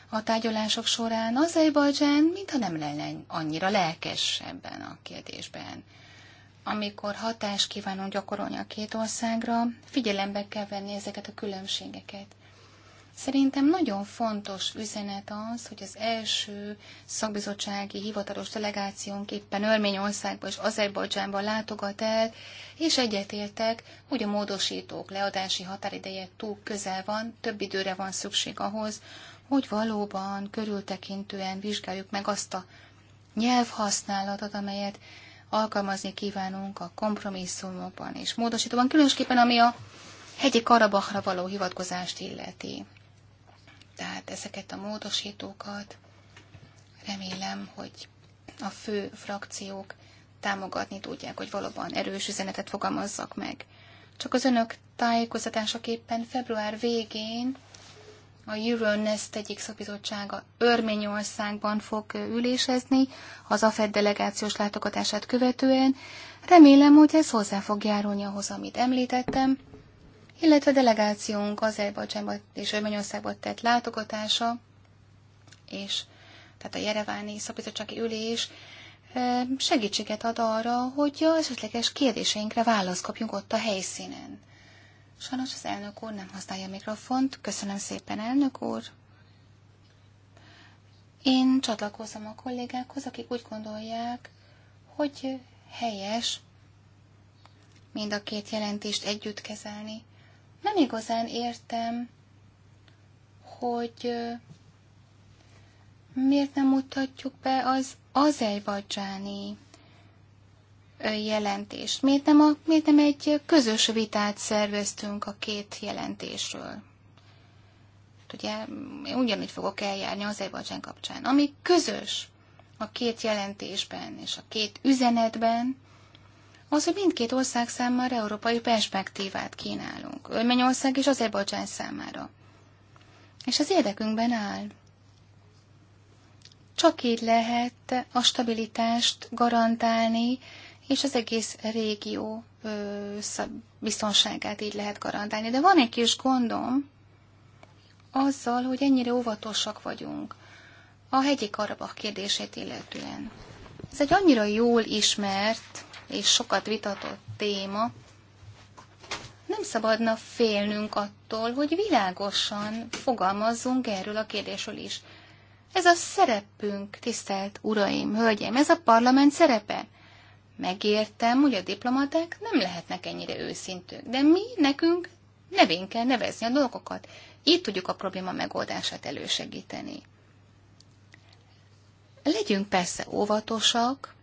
a tárgyalások során. Azerbajdzsán, mintha nem lenne annyira lelkes ebben a kérdésben. Amikor hatást kívánunk gyakorolni a két országra, figyelembe kell venni ezeket a különbségeket. Szerintem nagyon fontos üzenet az, hogy az első szakbizottsági hivatalos delegációnk éppen Örményországba és Azerbajdzsánba látogat el, és egyetértek, hogy a módosítók leadási határideje túl közel van, több időre van szükség ahhoz, hogy valóban körültekintően vizsgáljuk meg azt a nyelvhasználatot, amelyet alkalmazni kívánunk a kompromisszumokban és módosítóban, különösképpen ami a hegyi Karabachra való hivatkozást illeti tehát ezeket a módosítókat. Remélem, hogy a fő frakciók támogatni tudják, hogy valóban erős üzenetet fogalmazzak meg. Csak az önök tájékoztatásaképpen február végén a Euronest egyik szakbizottsága Örményországban fog ülésezni, az AFED delegációs látogatását követően. Remélem, hogy ez hozzá fog járulni ahhoz, amit említettem illetve a delegációnk Azerbajdzsánba és Örményországba tett látogatása, és tehát a Jereváni Szabizottsági Ülés segítséget ad arra, hogy az esetleges kérdéseinkre választ kapjunk ott a helyszínen. Sajnos az elnök úr nem használja a mikrofont. Köszönöm szépen, elnök úr. Én csatlakozom a kollégákhoz, akik úgy gondolják, hogy helyes mind a két jelentést együtt kezelni. Nem igazán értem, hogy miért nem mutatjuk be az azerbajdzsáni jelentést? Miért nem, a, miért nem egy közös vitát szerveztünk a két jelentésről? Hát ugye én ugyanúgy fogok eljárni az Ebacsán kapcsán. Ami közös a két jelentésben és a két üzenetben, az, hogy mindkét ország számára európai perspektívát kínálunk. Örményország és Azerbajdzsán számára. És az érdekünkben áll. Csak így lehet a stabilitást garantálni, és az egész régió biztonságát így lehet garantálni. De van egy kis gondom azzal, hogy ennyire óvatosak vagyunk a hegyi karabak kérdését illetően. Ez egy annyira jól ismert és sokat vitatott téma, nem szabadna félnünk attól, hogy világosan fogalmazzunk erről a kérdésről is. Ez a szerepünk, tisztelt uraim, hölgyeim, ez a parlament szerepe. Megértem, hogy a diplomaták nem lehetnek ennyire őszintők, de mi nekünk nevén kell nevezni a dolgokat. Így tudjuk a probléma megoldását elősegíteni. Legyünk persze óvatosak,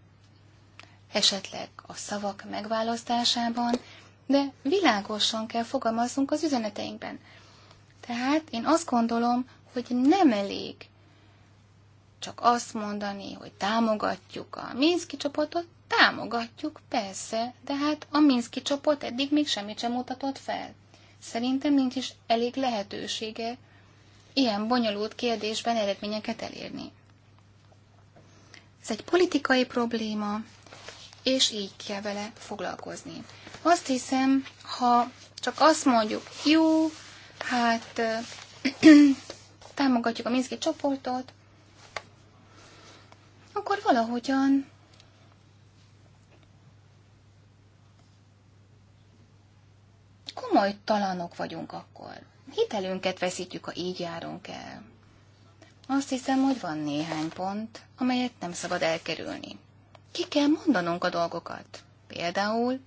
esetleg a szavak megválasztásában, de világosan kell fogalmaznunk az üzeneteinkben. Tehát én azt gondolom, hogy nem elég csak azt mondani, hogy támogatjuk a Minszki csapatot, támogatjuk, persze, de hát a Minszki csapat eddig még semmit sem mutatott fel. Szerintem nincs is elég lehetősége ilyen bonyolult kérdésben eredményeket elérni. Ez egy politikai probléma, és így kell vele foglalkozni. Azt hiszem, ha csak azt mondjuk, jó, hát támogatjuk a Minszki csoportot, akkor valahogyan komoly talanok vagyunk akkor. Hitelünket veszítjük, ha így járunk el. Azt hiszem, hogy van néhány pont, amelyet nem szabad elkerülni ki kell mondanunk a dolgokat. Például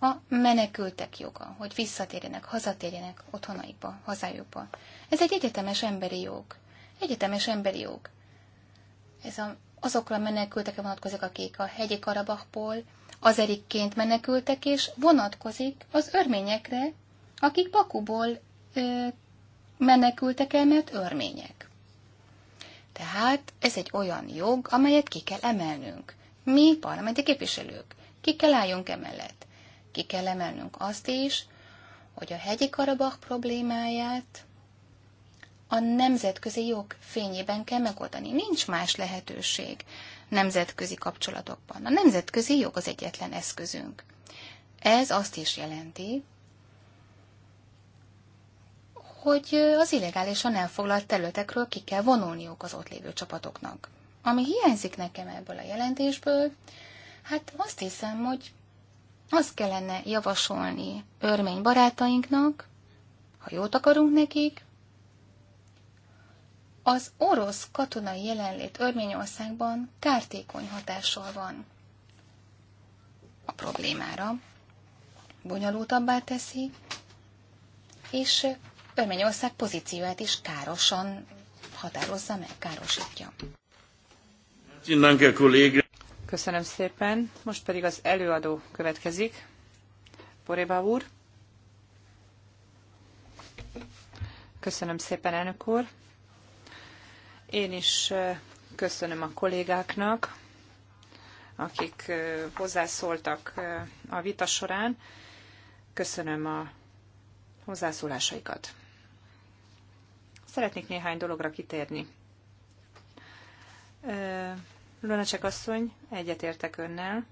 a menekültek joga, hogy visszatérjenek, hazatérjenek otthonaikba, hazájukba. Ez egy egyetemes emberi jog. Egyetemes emberi jog. Ez a, azokra a menekültekre vonatkozik, akik a hegyi Karabachból azerikként menekültek, és vonatkozik az örményekre, akik Bakuból ö, menekültek el, mert örmények. Tehát ez egy olyan jog, amelyet ki kell emelnünk mi, parlamenti képviselők, ki kell álljunk emellett. Ki kell emelnünk azt is, hogy a hegyi Karabach problémáját a nemzetközi jog fényében kell megoldani. Nincs más lehetőség nemzetközi kapcsolatokban. A nemzetközi jog az egyetlen eszközünk. Ez azt is jelenti, hogy az illegálisan elfoglalt területekről ki kell vonulniuk az ott lévő csapatoknak. Ami hiányzik nekem ebből a jelentésből, hát azt hiszem, hogy azt kellene javasolni örmény barátainknak, ha jót akarunk nekik, az orosz katonai jelenlét Örményországban kártékony hatással van a problémára, bonyolultabbá teszi, és Örményország pozícióját is károsan határozza meg, károsítja. Köszönöm szépen. Most pedig az előadó következik. Boréba úr. Köszönöm szépen, elnök úr. Én is köszönöm a kollégáknak, akik hozzászóltak a vita során. Köszönöm a hozzászólásaikat. Szeretnék néhány dologra kitérni. Lunacek asszony, egyetértek önnel.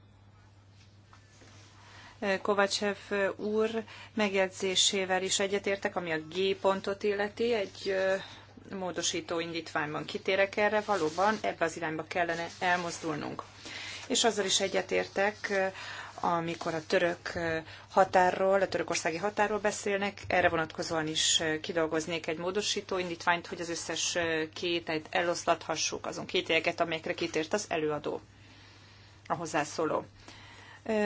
Kovacsev úr megjegyzésével is egyetértek, ami a G pontot illeti. Egy módosító indítványban kitérek erre, valóban ebbe az irányba kellene elmozdulnunk. És azzal is egyetértek, amikor a török eh, határról, a törökországi határról beszélnek, erre vonatkozóan is eh, kidolgoznék egy módosító indítványt, hogy az összes eh, kételyt eloszlathassuk, azon kételyeket, amelyekre kitért az előadó, a hozzászóló.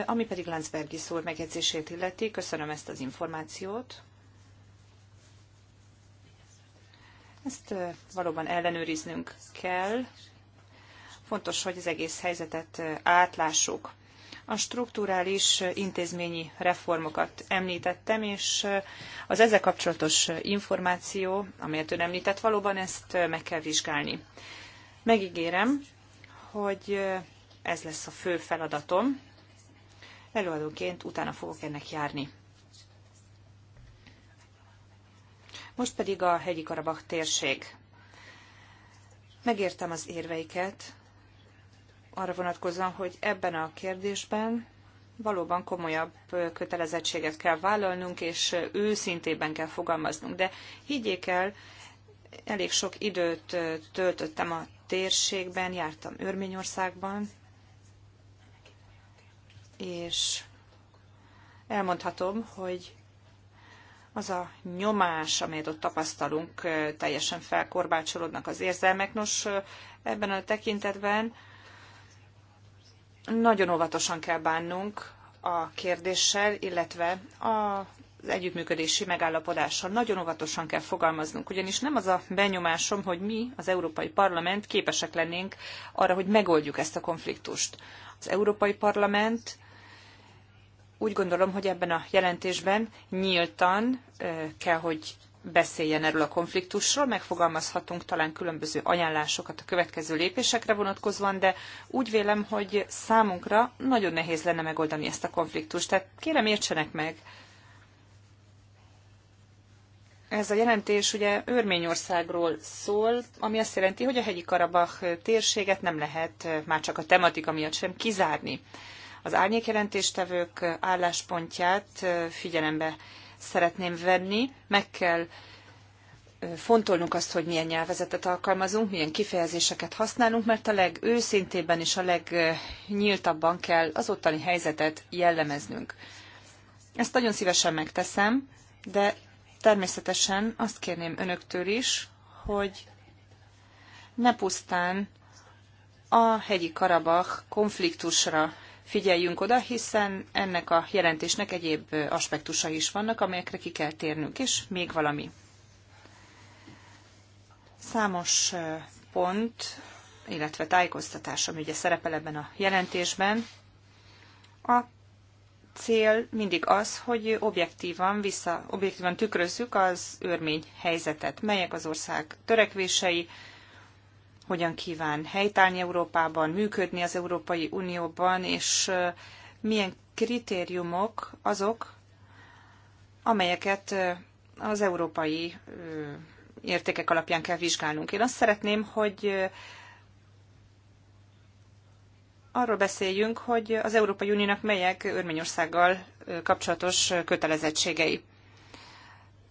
Ami pedig Landsbergi szól megjegyzését illeti, köszönöm ezt az információt. Ezt valóban ellenőriznünk kell. Fontos, hogy az egész helyzetet átlássuk. A strukturális intézményi reformokat említettem, és eh, az ezzel kapcsolatos információ, amelyet ön említett, valóban ezt eh, meg kell vizsgálni. Megígérem, hogy eh, ez lesz a fő feladatom. Előadóként utána fogok ennek járni. Most pedig a hegyi Karabach térség. Megértem az érveiket, arra vonatkozóan, hogy ebben a kérdésben valóban komolyabb kötelezettséget kell vállalnunk, és őszintében kell fogalmaznunk. De higgyék el, elég sok időt töltöttem a térségben, jártam Örményországban, és elmondhatom, hogy az a nyomás, amelyet ott tapasztalunk, teljesen felkorbácsolódnak az érzelmek. Nos, ebben a tekintetben nagyon óvatosan kell bánnunk a kérdéssel, illetve a az együttműködési megállapodással. Nagyon óvatosan kell fogalmaznunk, ugyanis nem az a benyomásom, hogy mi, az Európai Parlament képesek lennénk arra, hogy megoldjuk ezt a konfliktust. Az Európai Parlament úgy gondolom, hogy ebben a jelentésben nyíltan kell, hogy beszéljen erről a konfliktusról, megfogalmazhatunk talán különböző ajánlásokat a következő lépésekre vonatkozóan, de úgy vélem, hogy számunkra nagyon nehéz lenne megoldani ezt a konfliktust. Tehát kérem értsenek meg, ez a jelentés ugye Örményországról szól, ami azt jelenti, hogy a hegyi Karabach térséget nem lehet már csak a tematika miatt sem kizárni. Az árnyékjelentéstevők álláspontját figyelembe szeretném venni. Meg kell fontolnunk azt, hogy milyen nyelvezetet alkalmazunk, milyen kifejezéseket használunk, mert a legőszintébben és a legnyíltabban kell az ottani helyzetet jellemeznünk. Ezt nagyon szívesen megteszem, de természetesen azt kérném önöktől is, hogy ne pusztán a hegyi Karabach konfliktusra figyeljünk oda, hiszen ennek a jelentésnek egyéb aspektusai is vannak, amelyekre ki kell térnünk, és még valami. Számos pont, illetve tájékoztatás, ami ugye szerepel ebben a jelentésben, a cél mindig az, hogy objektívan, vissza, objektívan tükrözzük az örmény helyzetet, melyek az ország törekvései, hogyan kíván helytállni Európában, működni az Európai Unióban, és milyen kritériumok azok, amelyeket az európai értékek alapján kell vizsgálnunk. Én azt szeretném, hogy arról beszéljünk, hogy az Európai Uniónak melyek Örményországgal kapcsolatos kötelezettségei.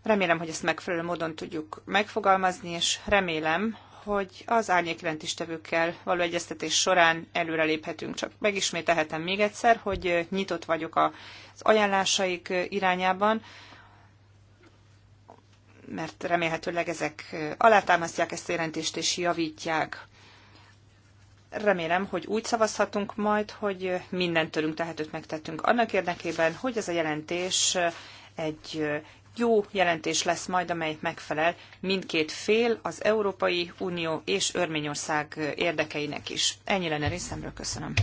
Remélem, hogy ezt megfelelő módon tudjuk megfogalmazni, és remélem, hogy az árnyékjelentéstevőkkel való egyeztetés során előreléphetünk. Csak megismételhetem még egyszer, hogy nyitott vagyok az ajánlásaik irányában, mert remélhetőleg ezek alátámasztják ezt a jelentést és javítják. Remélem, hogy úgy szavazhatunk majd, hogy mindent tőlünk tehetőt megtettünk annak érdekében, hogy ez a jelentés egy jó jelentés lesz majd, amely megfelel mindkét fél, az Európai Unió és Örményország érdekeinek is. Ennyi lenne részemről, köszönöm.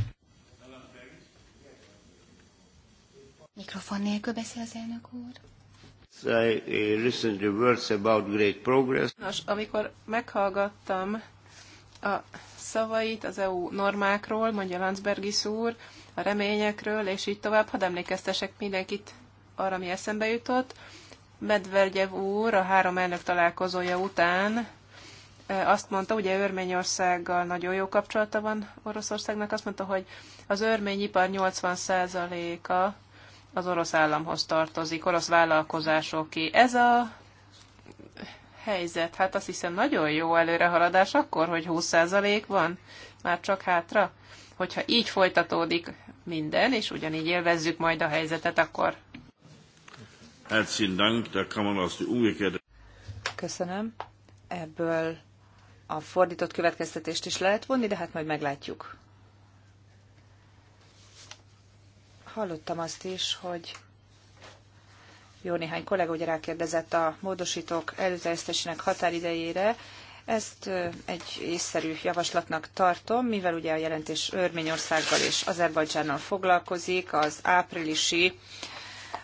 Mikrofon nélkül beszél az elnök úr. I listened to words about great progress. Nos, amikor meghallgattam a szavait az EU normákról, mondja Landsbergis úr, a reményekről, és így tovább, hadd emlékeztesek mindenkit arra, ami eszembe jutott, Medvegyev úr a három elnök találkozója után azt mondta, ugye Örményországgal nagyon jó kapcsolata van Oroszországnak, azt mondta, hogy az örményipar 80%-a az orosz államhoz tartozik, orosz vállalkozásoké. Ez a helyzet, hát azt hiszem nagyon jó előrehaladás akkor, hogy 20% van, már csak hátra. Hogyha így folytatódik minden, és ugyanígy élvezzük majd a helyzetet, akkor Köszönöm. Ebből a fordított következtetést is lehet vonni, de hát majd meglátjuk. Hallottam azt is, hogy jó néhány kollega ugye rákérdezett a módosítók előterjesztésének határidejére. Ezt egy észszerű javaslatnak tartom, mivel ugye a jelentés Örményországgal és Azerbajdzsánnal foglalkozik, az áprilisi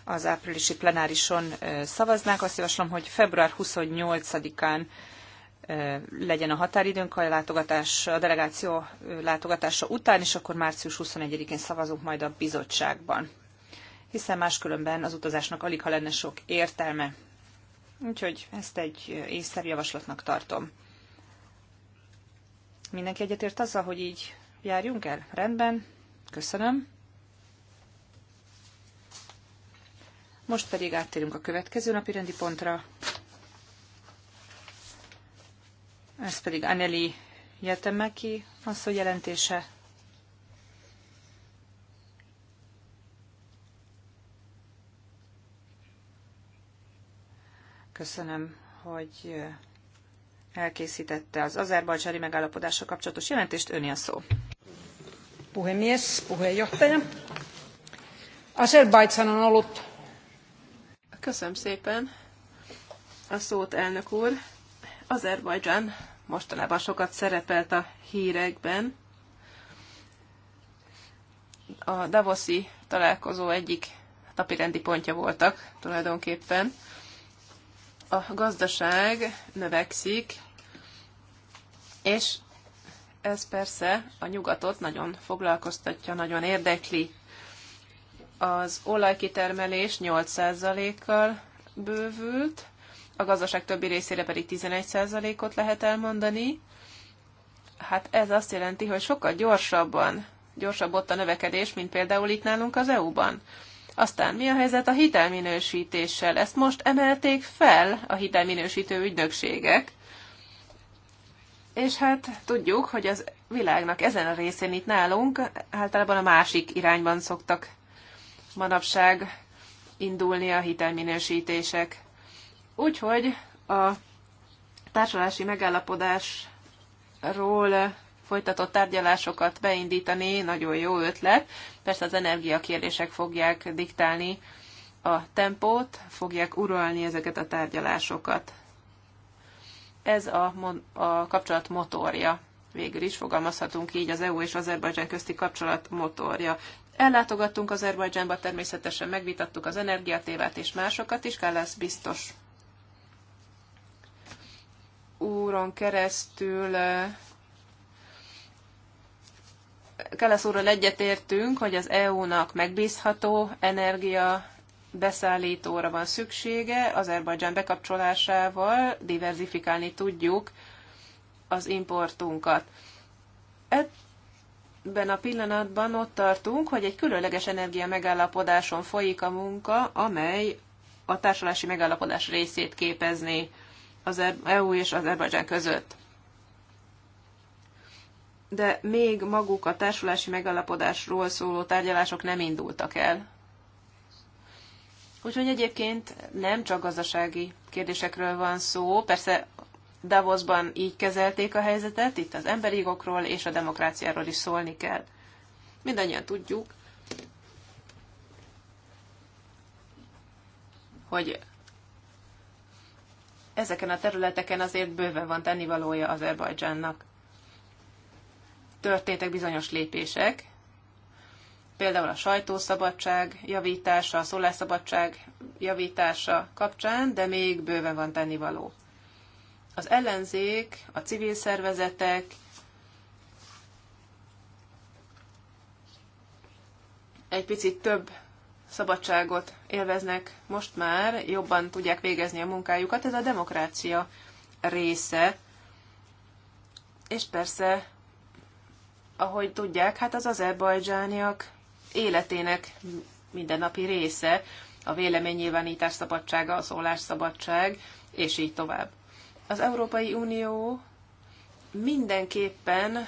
az áprilisi plenárison szavaznánk. Azt javaslom, hogy február 28-án legyen a határidőnk a, látogatás, a delegáció látogatása után, és akkor március 21-én szavazunk majd a bizottságban. Hiszen máskülönben az utazásnak alig, ha lenne sok értelme. Úgyhogy ezt egy észszerű javaslatnak tartom. Mindenki egyetért azzal, hogy így járjunk el? Rendben, köszönöm. Most pedig áttérünk a következő napi rendi pontra. Ez pedig Anneli Jetemeki hogy jelentése. Köszönöm, hogy elkészítette az azerbajcsári megállapodásra kapcsolatos jelentést. Öni a szó. Puhemies, puheenjohtaja. Azerbajdzsan alatt ollut Köszönöm szépen a szót, elnök úr. Azerbajdzsán mostanában sokat szerepelt a hírekben. A Davoszi találkozó egyik napirendi pontja voltak tulajdonképpen. A gazdaság növekszik, és ez persze a nyugatot nagyon foglalkoztatja, nagyon érdekli az olajkitermelés 8%-kal bővült, a gazdaság többi részére pedig 11%-ot lehet elmondani. Hát ez azt jelenti, hogy sokkal gyorsabban, gyorsabb ott a növekedés, mint például itt nálunk az EU-ban. Aztán mi a helyzet a hitelminősítéssel? Ezt most emelték fel a hitelminősítő ügynökségek, és hát tudjuk, hogy az világnak ezen a részén itt nálunk általában a másik irányban szoktak manapság indulni a hitelminősítések. Úgyhogy a társulási megállapodásról folytatott tárgyalásokat beindítani nagyon jó ötlet. Persze az energiakérdések fogják diktálni a tempót, fogják uralni ezeket a tárgyalásokat. Ez a, a kapcsolat motorja. Végül is fogalmazhatunk így az EU és Azerbajdzsán közti kapcsolat motorja. Ellátogattunk Azerbajdzsánba, természetesen megvitattuk az energiatévát és másokat is, Kell lesz biztos úron keresztül Kelesz úrral egyetértünk, hogy az EU-nak megbízható energia beszállítóra van szüksége, Azerbajdzsán bekapcsolásával diverzifikálni tudjuk az importunkat. E- ebben a pillanatban ott tartunk, hogy egy különleges energia megállapodáson folyik a munka, amely a társulási megállapodás részét képezni az EU e és az Erbágyán között. De még maguk a társulási megállapodásról szóló tárgyalások nem indultak el. Úgyhogy egyébként nem csak gazdasági kérdésekről van szó, persze Davosban így kezelték a helyzetet, itt az emberi jogokról és a demokráciáról is szólni kell. Mindannyian tudjuk, hogy ezeken a területeken azért bőven van tennivalója Azerbajdzsánnak. Történtek bizonyos lépések, például a sajtószabadság javítása, a szólásszabadság javítása kapcsán, de még bőven van tennivaló az ellenzék, a civil szervezetek, egy picit több szabadságot élveznek most már, jobban tudják végezni a munkájukat, ez a demokrácia része. És persze, ahogy tudják, hát az azerbajdzsániak életének mindennapi része, a véleménynyilvánítás szabadsága, a szólásszabadság, és így tovább az Európai Unió mindenképpen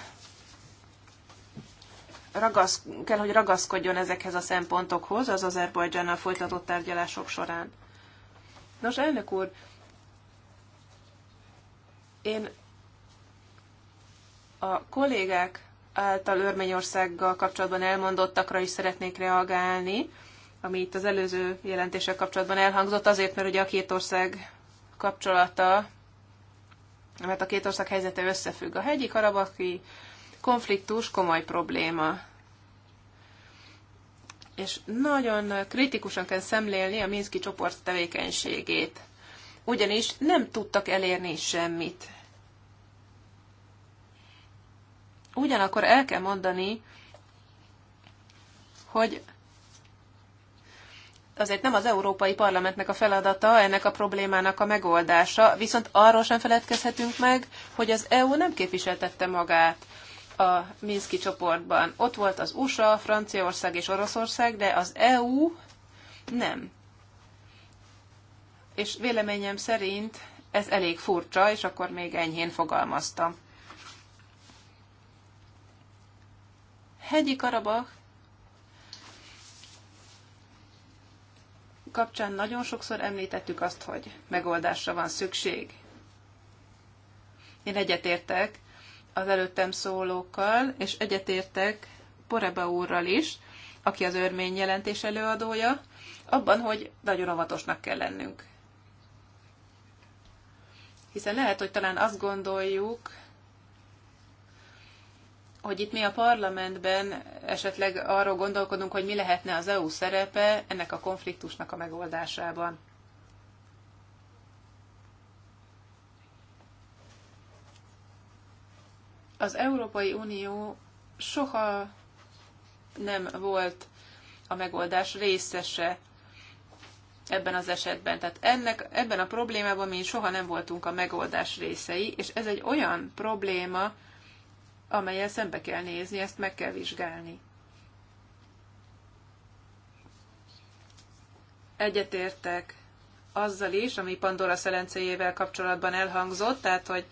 ragasz, kell, hogy ragaszkodjon ezekhez a szempontokhoz az Azerbajdzsánnal folytatott tárgyalások során. Nos, elnök úr, én a kollégák által Örményországgal kapcsolatban elmondottakra is szeretnék reagálni, ami itt az előző jelentéssel kapcsolatban elhangzott, azért, mert ugye a két ország kapcsolata mert a két ország helyzete összefügg. A hegyi karabaki konfliktus komoly probléma. És nagyon kritikusan kell szemlélni a Minszki csoport tevékenységét. Ugyanis nem tudtak elérni semmit. Ugyanakkor el kell mondani, hogy azért nem az Európai Parlamentnek a feladata ennek a problémának a megoldása, viszont arról sem feledkezhetünk meg, hogy az EU nem képviseltette magát a Minszki csoportban. Ott volt az USA, Franciaország és Oroszország, de az EU nem. És véleményem szerint ez elég furcsa, és akkor még enyhén fogalmaztam. Hegyi Karabach kapcsán nagyon sokszor említettük azt, hogy megoldásra van szükség. Én egyetértek az előttem szólókkal, és egyetértek Porebe úrral is, aki az örmény jelentés előadója, abban, hogy nagyon óvatosnak kell lennünk. Hiszen lehet, hogy talán azt gondoljuk, hogy itt mi a parlamentben esetleg arról gondolkodunk, hogy mi lehetne az EU szerepe ennek a konfliktusnak a megoldásában. Az Európai Unió soha nem volt a megoldás részese ebben az esetben. Tehát ennek, ebben a problémában mi soha nem voltunk a megoldás részei, és ez egy olyan probléma, amelyel szembe kell nézni, ezt meg kell vizsgálni. Egyetértek azzal is, ami Pandora szelencéjével kapcsolatban elhangzott, tehát, hogy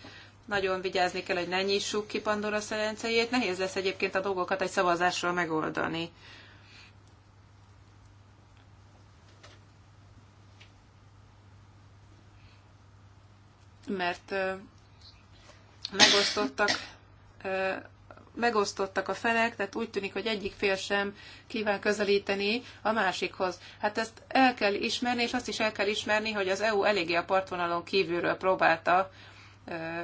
nagyon vigyázni kell, hogy ne nyissuk ki Pandora szelencéjét. Nehéz lesz egyébként a dolgokat egy szavazással megoldani. Mert megosztottak megosztottak a felek, tehát úgy tűnik, hogy egyik fél sem kíván közelíteni a másikhoz. Hát ezt el kell ismerni, és azt is el kell ismerni, hogy az EU eléggé a partvonalon kívülről próbálta,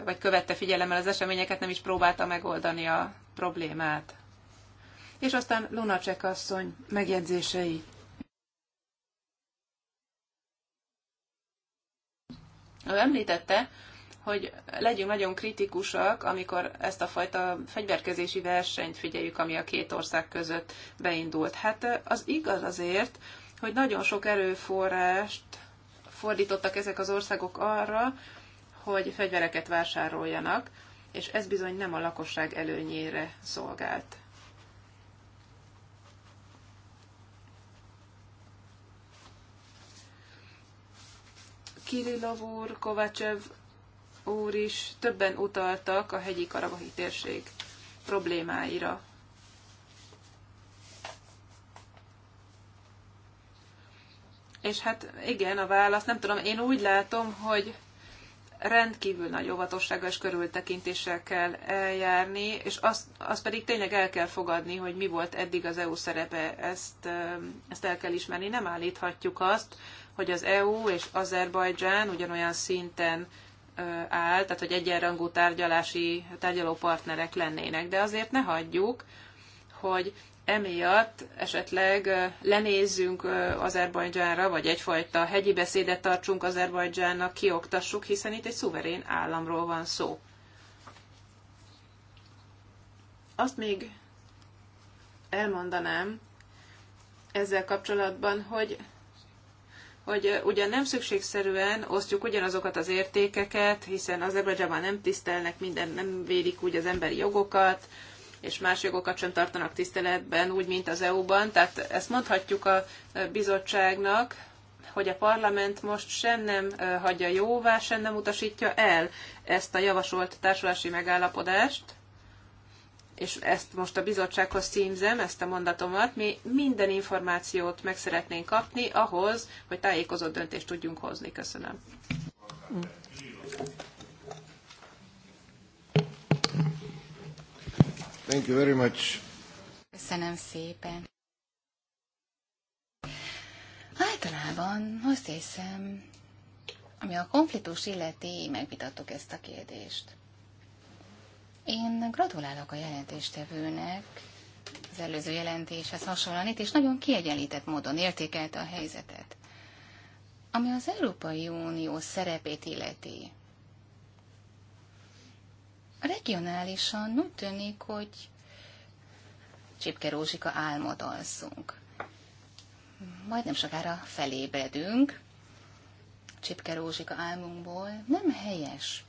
vagy követte figyelemmel az eseményeket, nem is próbálta megoldani a problémát. És aztán Lunacek asszony megjegyzései. Ő említette, hogy legyünk nagyon kritikusak, amikor ezt a fajta fegyverkezési versenyt figyeljük, ami a két ország között beindult. Hát az igaz azért, hogy nagyon sok erőforrást fordítottak ezek az országok arra, hogy fegyvereket vásároljanak, és ez bizony nem a lakosság előnyére szolgált. Kirillov úr, Kovácsev úr is többen utaltak a hegyi karabahi térség problémáira. És hát igen, a válasz, nem tudom, én úgy látom, hogy rendkívül nagy óvatossággal és körültekintéssel kell eljárni, és azt, azt pedig tényleg el kell fogadni, hogy mi volt eddig az EU szerepe, ezt, ezt el kell ismerni. Nem állíthatjuk azt, hogy az EU és Azerbajdzsán ugyanolyan szinten áll, tehát hogy egyenrangú tárgyalási tárgyalópartnerek lennének, de azért ne hagyjuk, hogy emiatt esetleg lenézzünk Azerbajdzsánra, vagy egyfajta hegyi beszédet tartsunk Azerbajdzsánnak, kioktassuk, hiszen itt egy szuverén államról van szó. Azt még elmondanám ezzel kapcsolatban, hogy hogy ugyan nem szükségszerűen osztjuk ugyanazokat az értékeket, hiszen az Ebrezsában nem tisztelnek minden, nem védik úgy az emberi jogokat, és más jogokat sem tartanak tiszteletben, úgy, mint az EU-ban. Tehát ezt mondhatjuk a bizottságnak, hogy a parlament most sem nem hagyja jóvá, sem nem utasítja el ezt a javasolt társulási megállapodást, és ezt most a bizottsághoz címzem, ezt a mondatomat, mi minden információt meg szeretnénk kapni ahhoz, hogy tájékozott döntést tudjunk hozni. Köszönöm. Thank you very much. Köszönöm szépen. Általában azt hiszem, ami a konfliktus illeti, megvitattuk ezt a kérdést. Én gratulálok a jelentéstevőnek, az előző jelentéshez hasonlóan itt, és nagyon kiegyenlített módon értékelte a helyzetet. Ami az Európai Unió szerepét illeti, regionálisan úgy tűnik, hogy Csipke Rózsika álmod alszunk. Majdnem sokára felébredünk Csipke Rózsika álmunkból. Nem helyes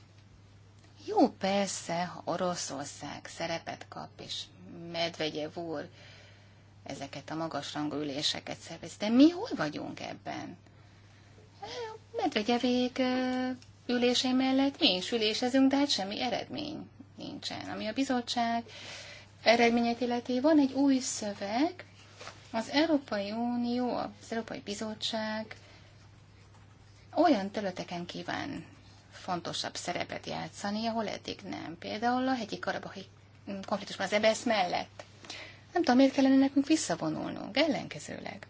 jó persze, ha Oroszország szerepet kap, és medvegye úr ezeket a magasrangú üléseket szervez, de mi hol vagyunk ebben? Medvegyevék ülései mellett mi is ülésezünk, de hát semmi eredmény nincsen. Ami a bizottság eredményet illeti, van egy új szöveg, az Európai Unió, az Európai Bizottság olyan területeken kíván fontosabb szerepet játszani, ahol eddig nem. Például a hegyi karabahi konfliktusban az ebesz mellett. Nem tudom, miért kellene nekünk visszavonulnunk, ellenkezőleg.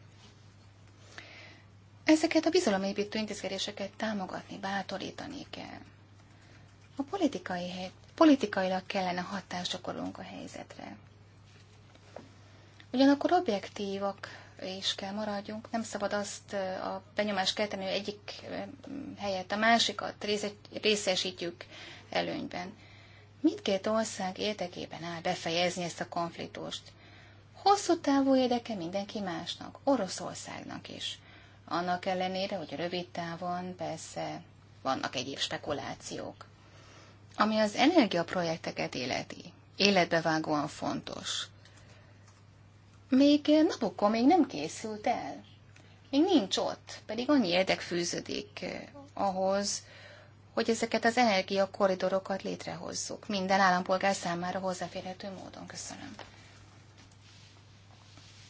Ezeket a bizalomépítő intézkedéseket támogatni, bátorítani kell. A politikai hely, politikailag kellene hatást gyakorolunk a helyzetre. Ugyanakkor objektívak és kell maradjunk. Nem szabad azt a benyomást kelteni, hogy egyik helyett a másikat részesítjük előnyben. Mindkét ország érdekében áll befejezni ezt a konfliktust. Hosszú távú érdeke mindenki másnak, Oroszországnak is. Annak ellenére, hogy rövid távon persze vannak egyéb spekulációk. Ami az energiaprojekteket életi, életbevágóan fontos még Nabucco még nem készült el. Még nincs ott, pedig annyi érdek fűződik eh, ahhoz, hogy ezeket az energiakoridorokat létrehozzuk minden állampolgár számára hozzáférhető módon. Köszönöm.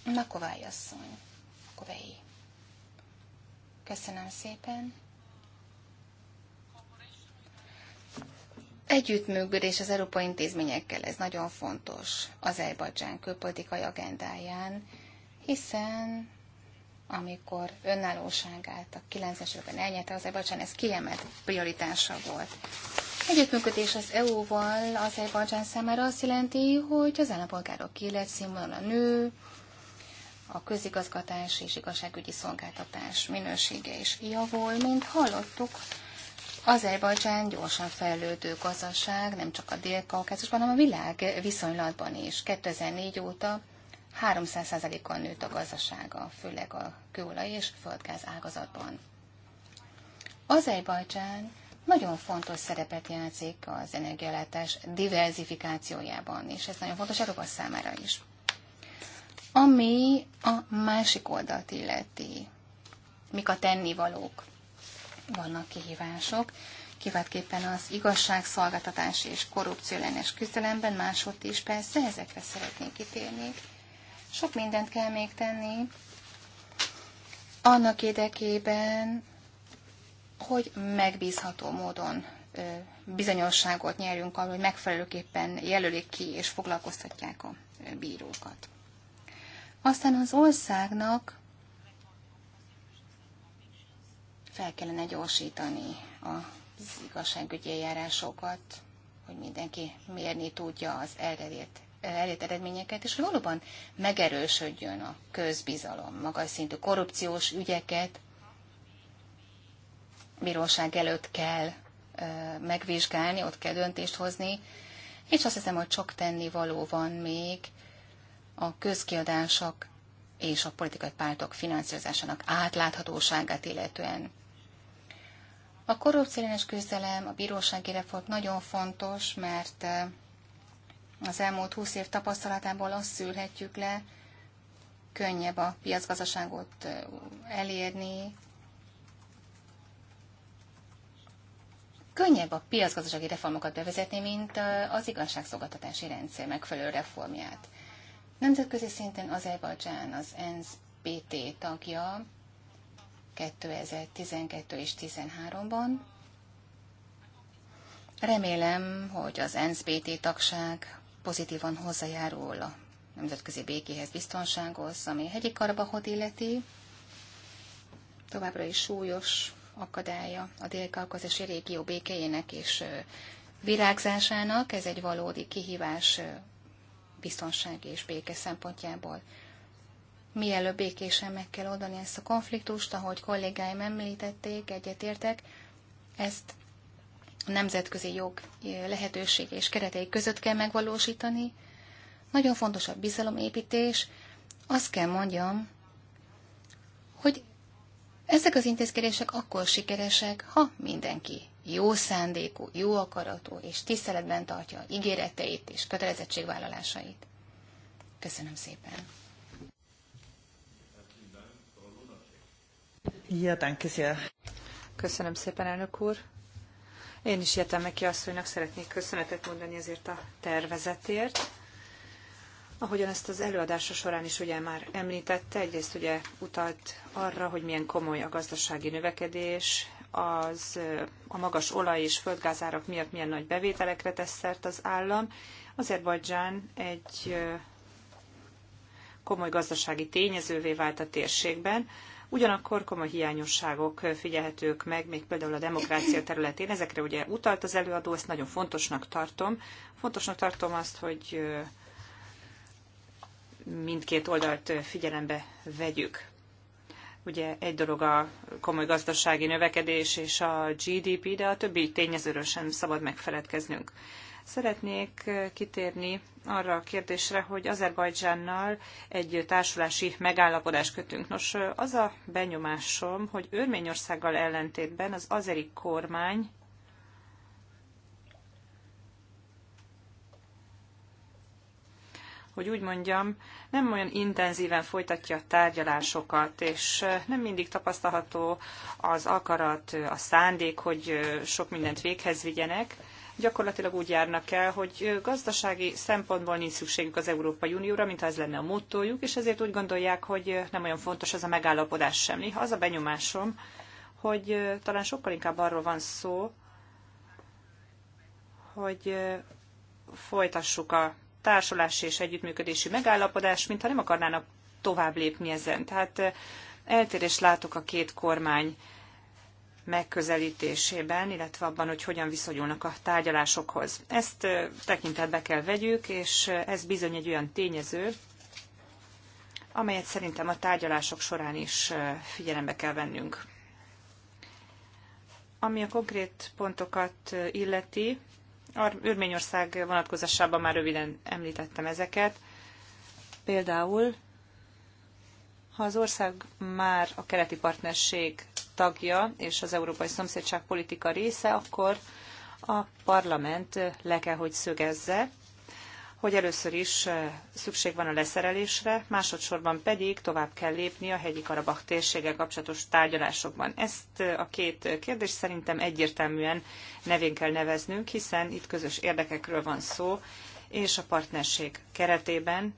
Makovály asszony. Kovályi. Köszönöm szépen. együttműködés az európai intézményekkel, ez nagyon fontos az Elbadzsán külpolitikai agendáján, hiszen amikor önállóságát a 90-es években elnyerte az Elbadzsán, ez kiemelt prioritása volt. Együttműködés az EU-val az Elbadzsán számára azt jelenti, hogy az állampolgárok a nő, a közigazgatás és igazságügyi szolgáltatás minősége is javul, mint hallottuk, Azerbajdzsán gyorsan fejlődő gazdaság, nem csak a Dél-Kaukázusban, hanem a világ viszonylatban is. 2004 óta 300%-kal nőtt a gazdasága, főleg a kőolaj és földgáz ágazatban. Azerbajdzsán nagyon fontos szerepet játszik az energiállátás diversifikációjában, és ez nagyon fontos Európa számára is. Ami a másik oldalt illeti, mik a tennivalók vannak kihívások, kiváltképpen az igazságszolgáltatás és korrupció ellenes küzdelemben, máshogy is persze ezekre szeretnék kitérni. Sok mindent kell még tenni, annak érdekében, hogy megbízható módon bizonyosságot nyerjünk arról, hogy megfelelőképpen jelölik ki és foglalkoztatják a bírókat. Aztán az országnak Fel kellene gyorsítani az igazságügyi eljárásokat, hogy mindenki mérni tudja az elterjedt elérett eredményeket, és hogy valóban megerősödjön a közbizalom, magas szintű korrupciós ügyeket bíróság előtt kell megvizsgálni, ott kell döntést hozni, és azt hiszem, hogy sok tennivaló van még a közkiadások és a politikai pártok finanszírozásának átláthatóságát illetően. A korrupciós küzdelem, a bírósági reform nagyon fontos, mert eh, az elmúlt húsz év tapasztalatából azt szülhetjük le, könnyebb a piacgazdaságot eh, elérni, könnyebb a piacgazdasági reformokat bevezetni, mint eh, az igazságszolgáltatási rendszer megfelelő reformját. Nemzetközi szinten Azerbajdzsán az ENSZ BT tagja, 2012 és 2013-ban. Remélem, hogy az NSBT tagság pozitívan hozzájárul a nemzetközi békéhez, biztonsághoz, ami hegyi Karabahot illeti. Továbbra is súlyos akadálya a dél-kaukazesi régió békéjének és virágzásának. Ez egy valódi kihívás biztonsági és béke szempontjából mielőbb békésen meg kell oldani ezt a konfliktust, ahogy kollégáim említették, egyetértek, ezt a nemzetközi jog lehetőség és keretei között kell megvalósítani. Nagyon fontos a bizalomépítés. Azt kell mondjam, hogy ezek az intézkedések akkor sikeresek, ha mindenki jó szándékú, jó akaratú és tiszteletben tartja ígéreteit és kötelezettségvállalásait. Köszönöm szépen! Ja, danke sehr. Köszönöm szépen, elnök úr. Én is értem neki asszonynak, szeretnék köszönetet mondani ezért a tervezetért. Ahogyan ezt az előadása során is ugye már említette, egyrészt ugye utalt arra, hogy milyen komoly a gazdasági növekedés, az, a magas olaj és földgázárak miatt milyen nagy bevételekre tesz szert az állam. Azerbajdzsán egy komoly gazdasági tényezővé vált a térségben, Ugyanakkor komoly hiányosságok figyelhetők meg, még például a demokrácia területén. Ezekre ugye utalt az előadó, ezt nagyon fontosnak tartom. Fontosnak tartom azt, hogy mindkét oldalt figyelembe vegyük. Ugye egy dolog a komoly gazdasági növekedés és a GDP, de a többi tényezőről sem szabad megfeledkeznünk. Szeretnék kitérni arra a kérdésre, hogy Azerbajdzsánnal egy társulási megállapodást kötünk. Nos, az a benyomásom, hogy Örményországgal ellentétben az azeri kormány hogy úgy mondjam, nem olyan intenzíven folytatja a tárgyalásokat, és nem mindig tapasztalható az akarat, a szándék, hogy sok mindent véghez vigyenek gyakorlatilag úgy járnak el, hogy gazdasági szempontból nincs szükségük az Európai Unióra, mintha ez lenne a mottójuk, és ezért úgy gondolják, hogy nem olyan fontos ez a megállapodás sem. Néha az a benyomásom, hogy talán sokkal inkább arról van szó, hogy folytassuk a társulási és együttműködési megállapodást, mintha nem akarnának tovább lépni ezen. Tehát eltérés látok a két kormány megközelítésében, illetve abban, hogy hogyan viszonyulnak a tárgyalásokhoz. Ezt tekintetbe kell vegyük, és ez bizony egy olyan tényező, amelyet szerintem a tárgyalások során is figyelembe kell vennünk. Ami a konkrét pontokat illeti, Örményország vonatkozásában már röviden említettem ezeket. Például, ha az ország már a keleti partnerség tagja és az európai szomszédság politika része, akkor a parlament le kell, hogy szögezze, hogy először is szükség van a leszerelésre, másodszorban pedig tovább kell lépni a hegyi karabach térséggel kapcsolatos tárgyalásokban. Ezt a két kérdést szerintem egyértelműen nevén kell neveznünk, hiszen itt közös érdekekről van szó, és a partnerség keretében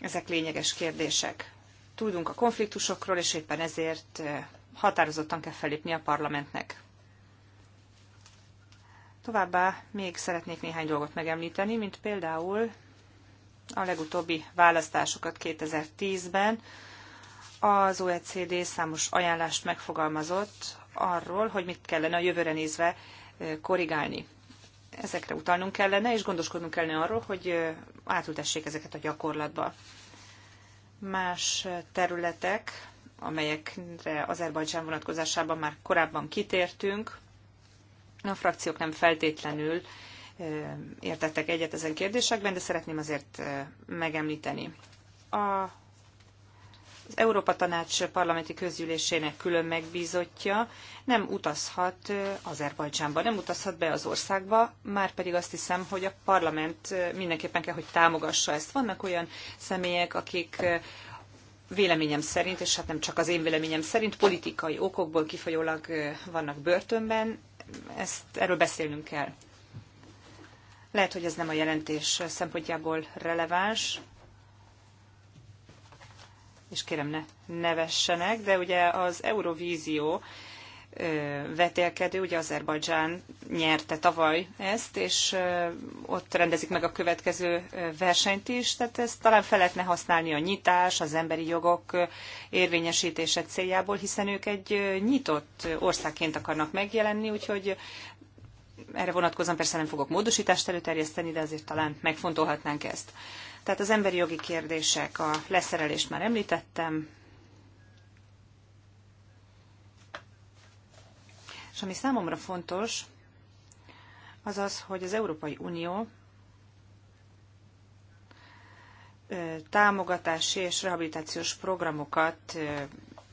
ezek lényeges kérdések. Tudunk a konfliktusokról, és éppen ezért határozottan kell felépni a parlamentnek. Továbbá még szeretnék néhány dolgot megemlíteni, mint például a legutóbbi választásokat 2010-ben az OECD számos ajánlást megfogalmazott arról, hogy mit kellene a jövőre nézve korrigálni. Ezekre utalnunk kellene, és gondoskodnunk kellene arról, hogy átültessék ezeket a gyakorlatba. Más területek, amelyekre Azerbajdzsán vonatkozásában már korábban kitértünk. A frakciók nem feltétlenül értettek egyet ezen kérdésekben, de szeretném azért megemlíteni. A, az Európa Tanács parlamenti közgyűlésének külön megbízottja nem utazhat Azerbajdzsánba, nem utazhat be az országba, már pedig azt hiszem, hogy a parlament mindenképpen kell, hogy támogassa ezt. Vannak olyan személyek, akik véleményem szerint, és hát nem csak az én véleményem szerint, politikai okokból kifolyólag vannak börtönben, ezt erről beszélnünk kell. Lehet, hogy ez nem a jelentés szempontjából releváns, és kérem ne nevessenek, de ugye az Eurovízió vetélkedő, ugye Azerbajdzsán nyerte tavaly ezt, és ott rendezik meg a következő versenyt is, tehát ezt talán fel lehetne használni a nyitás, az emberi jogok érvényesítése céljából, hiszen ők egy nyitott országként akarnak megjelenni, úgyhogy erre vonatkozóan persze nem fogok módosítást előterjeszteni, de azért talán megfontolhatnánk ezt. Tehát az emberi jogi kérdések, a leszerelést már említettem, És ami számomra fontos, az az, hogy az Európai Unió támogatási és rehabilitációs programokat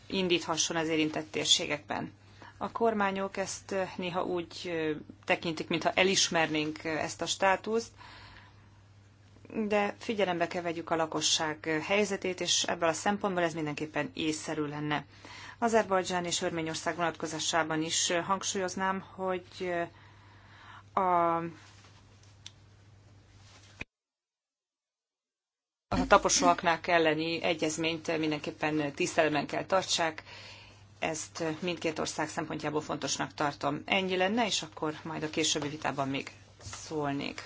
indíthasson az érintett térségekben. A kormányok ezt néha úgy tekintik, mintha elismernénk ezt a státuszt, de figyelembe kell vegyük a lakosság helyzetét, és ebből a szempontból ez mindenképpen észszerű lenne. Azerbajdzsán és Örményország vonatkozásában is hangsúlyoznám, hogy a a taposóaknak elleni egyezményt mindenképpen tiszteletben kell tartsák. Ezt mindkét ország szempontjából fontosnak tartom. Ennyi lenne, és akkor majd a későbbi vitában még szólnék.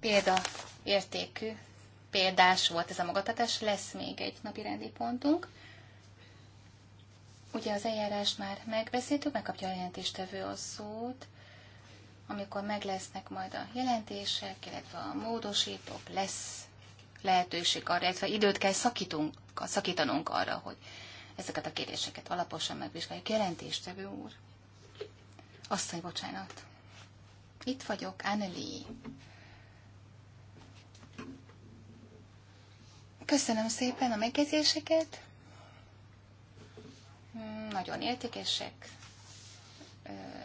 Példa értékű, példás volt ez a magatartás, lesz még egy napi rendi pontunk. Ugye az eljárás már megbeszéltük, megkapja a jelentéstevő a szót, amikor meg lesznek majd a jelentések, illetve a módosítók, lesz lehetőség arra, illetve időt kell szakítunk, szakítanunk arra, hogy ezeket a kérdéseket alaposan megvizsgáljuk. Jelentéstevő úr. Asszony, bocsánat. Itt vagyok, Anneli. Köszönöm szépen a megjegyzéseket nagyon értékesek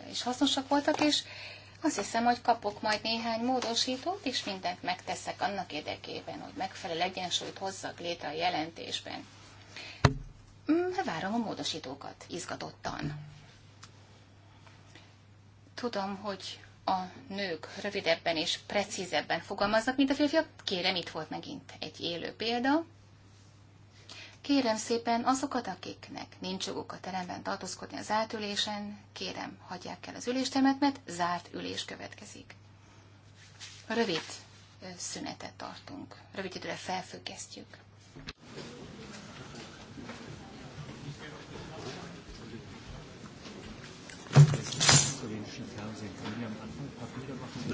és hasznosak voltak, és azt hiszem, hogy kapok majd néhány módosítót, és mindent megteszek annak érdekében, hogy megfelelő egyensúlyt hozzak létre a jelentésben. Mm, hát várom a módosítókat izgatottan. Tudom, hogy a nők rövidebben és precízebben fogalmaznak, mint a férfiak. Kérem, itt volt megint egy élő példa. Kérem szépen azokat, akiknek nincs joguk a teremben tartózkodni az átülésen, kérem, hagyják el az üléstemet, mert zárt ülés következik. Rövid szünetet tartunk, rövid időre felfüggesztjük.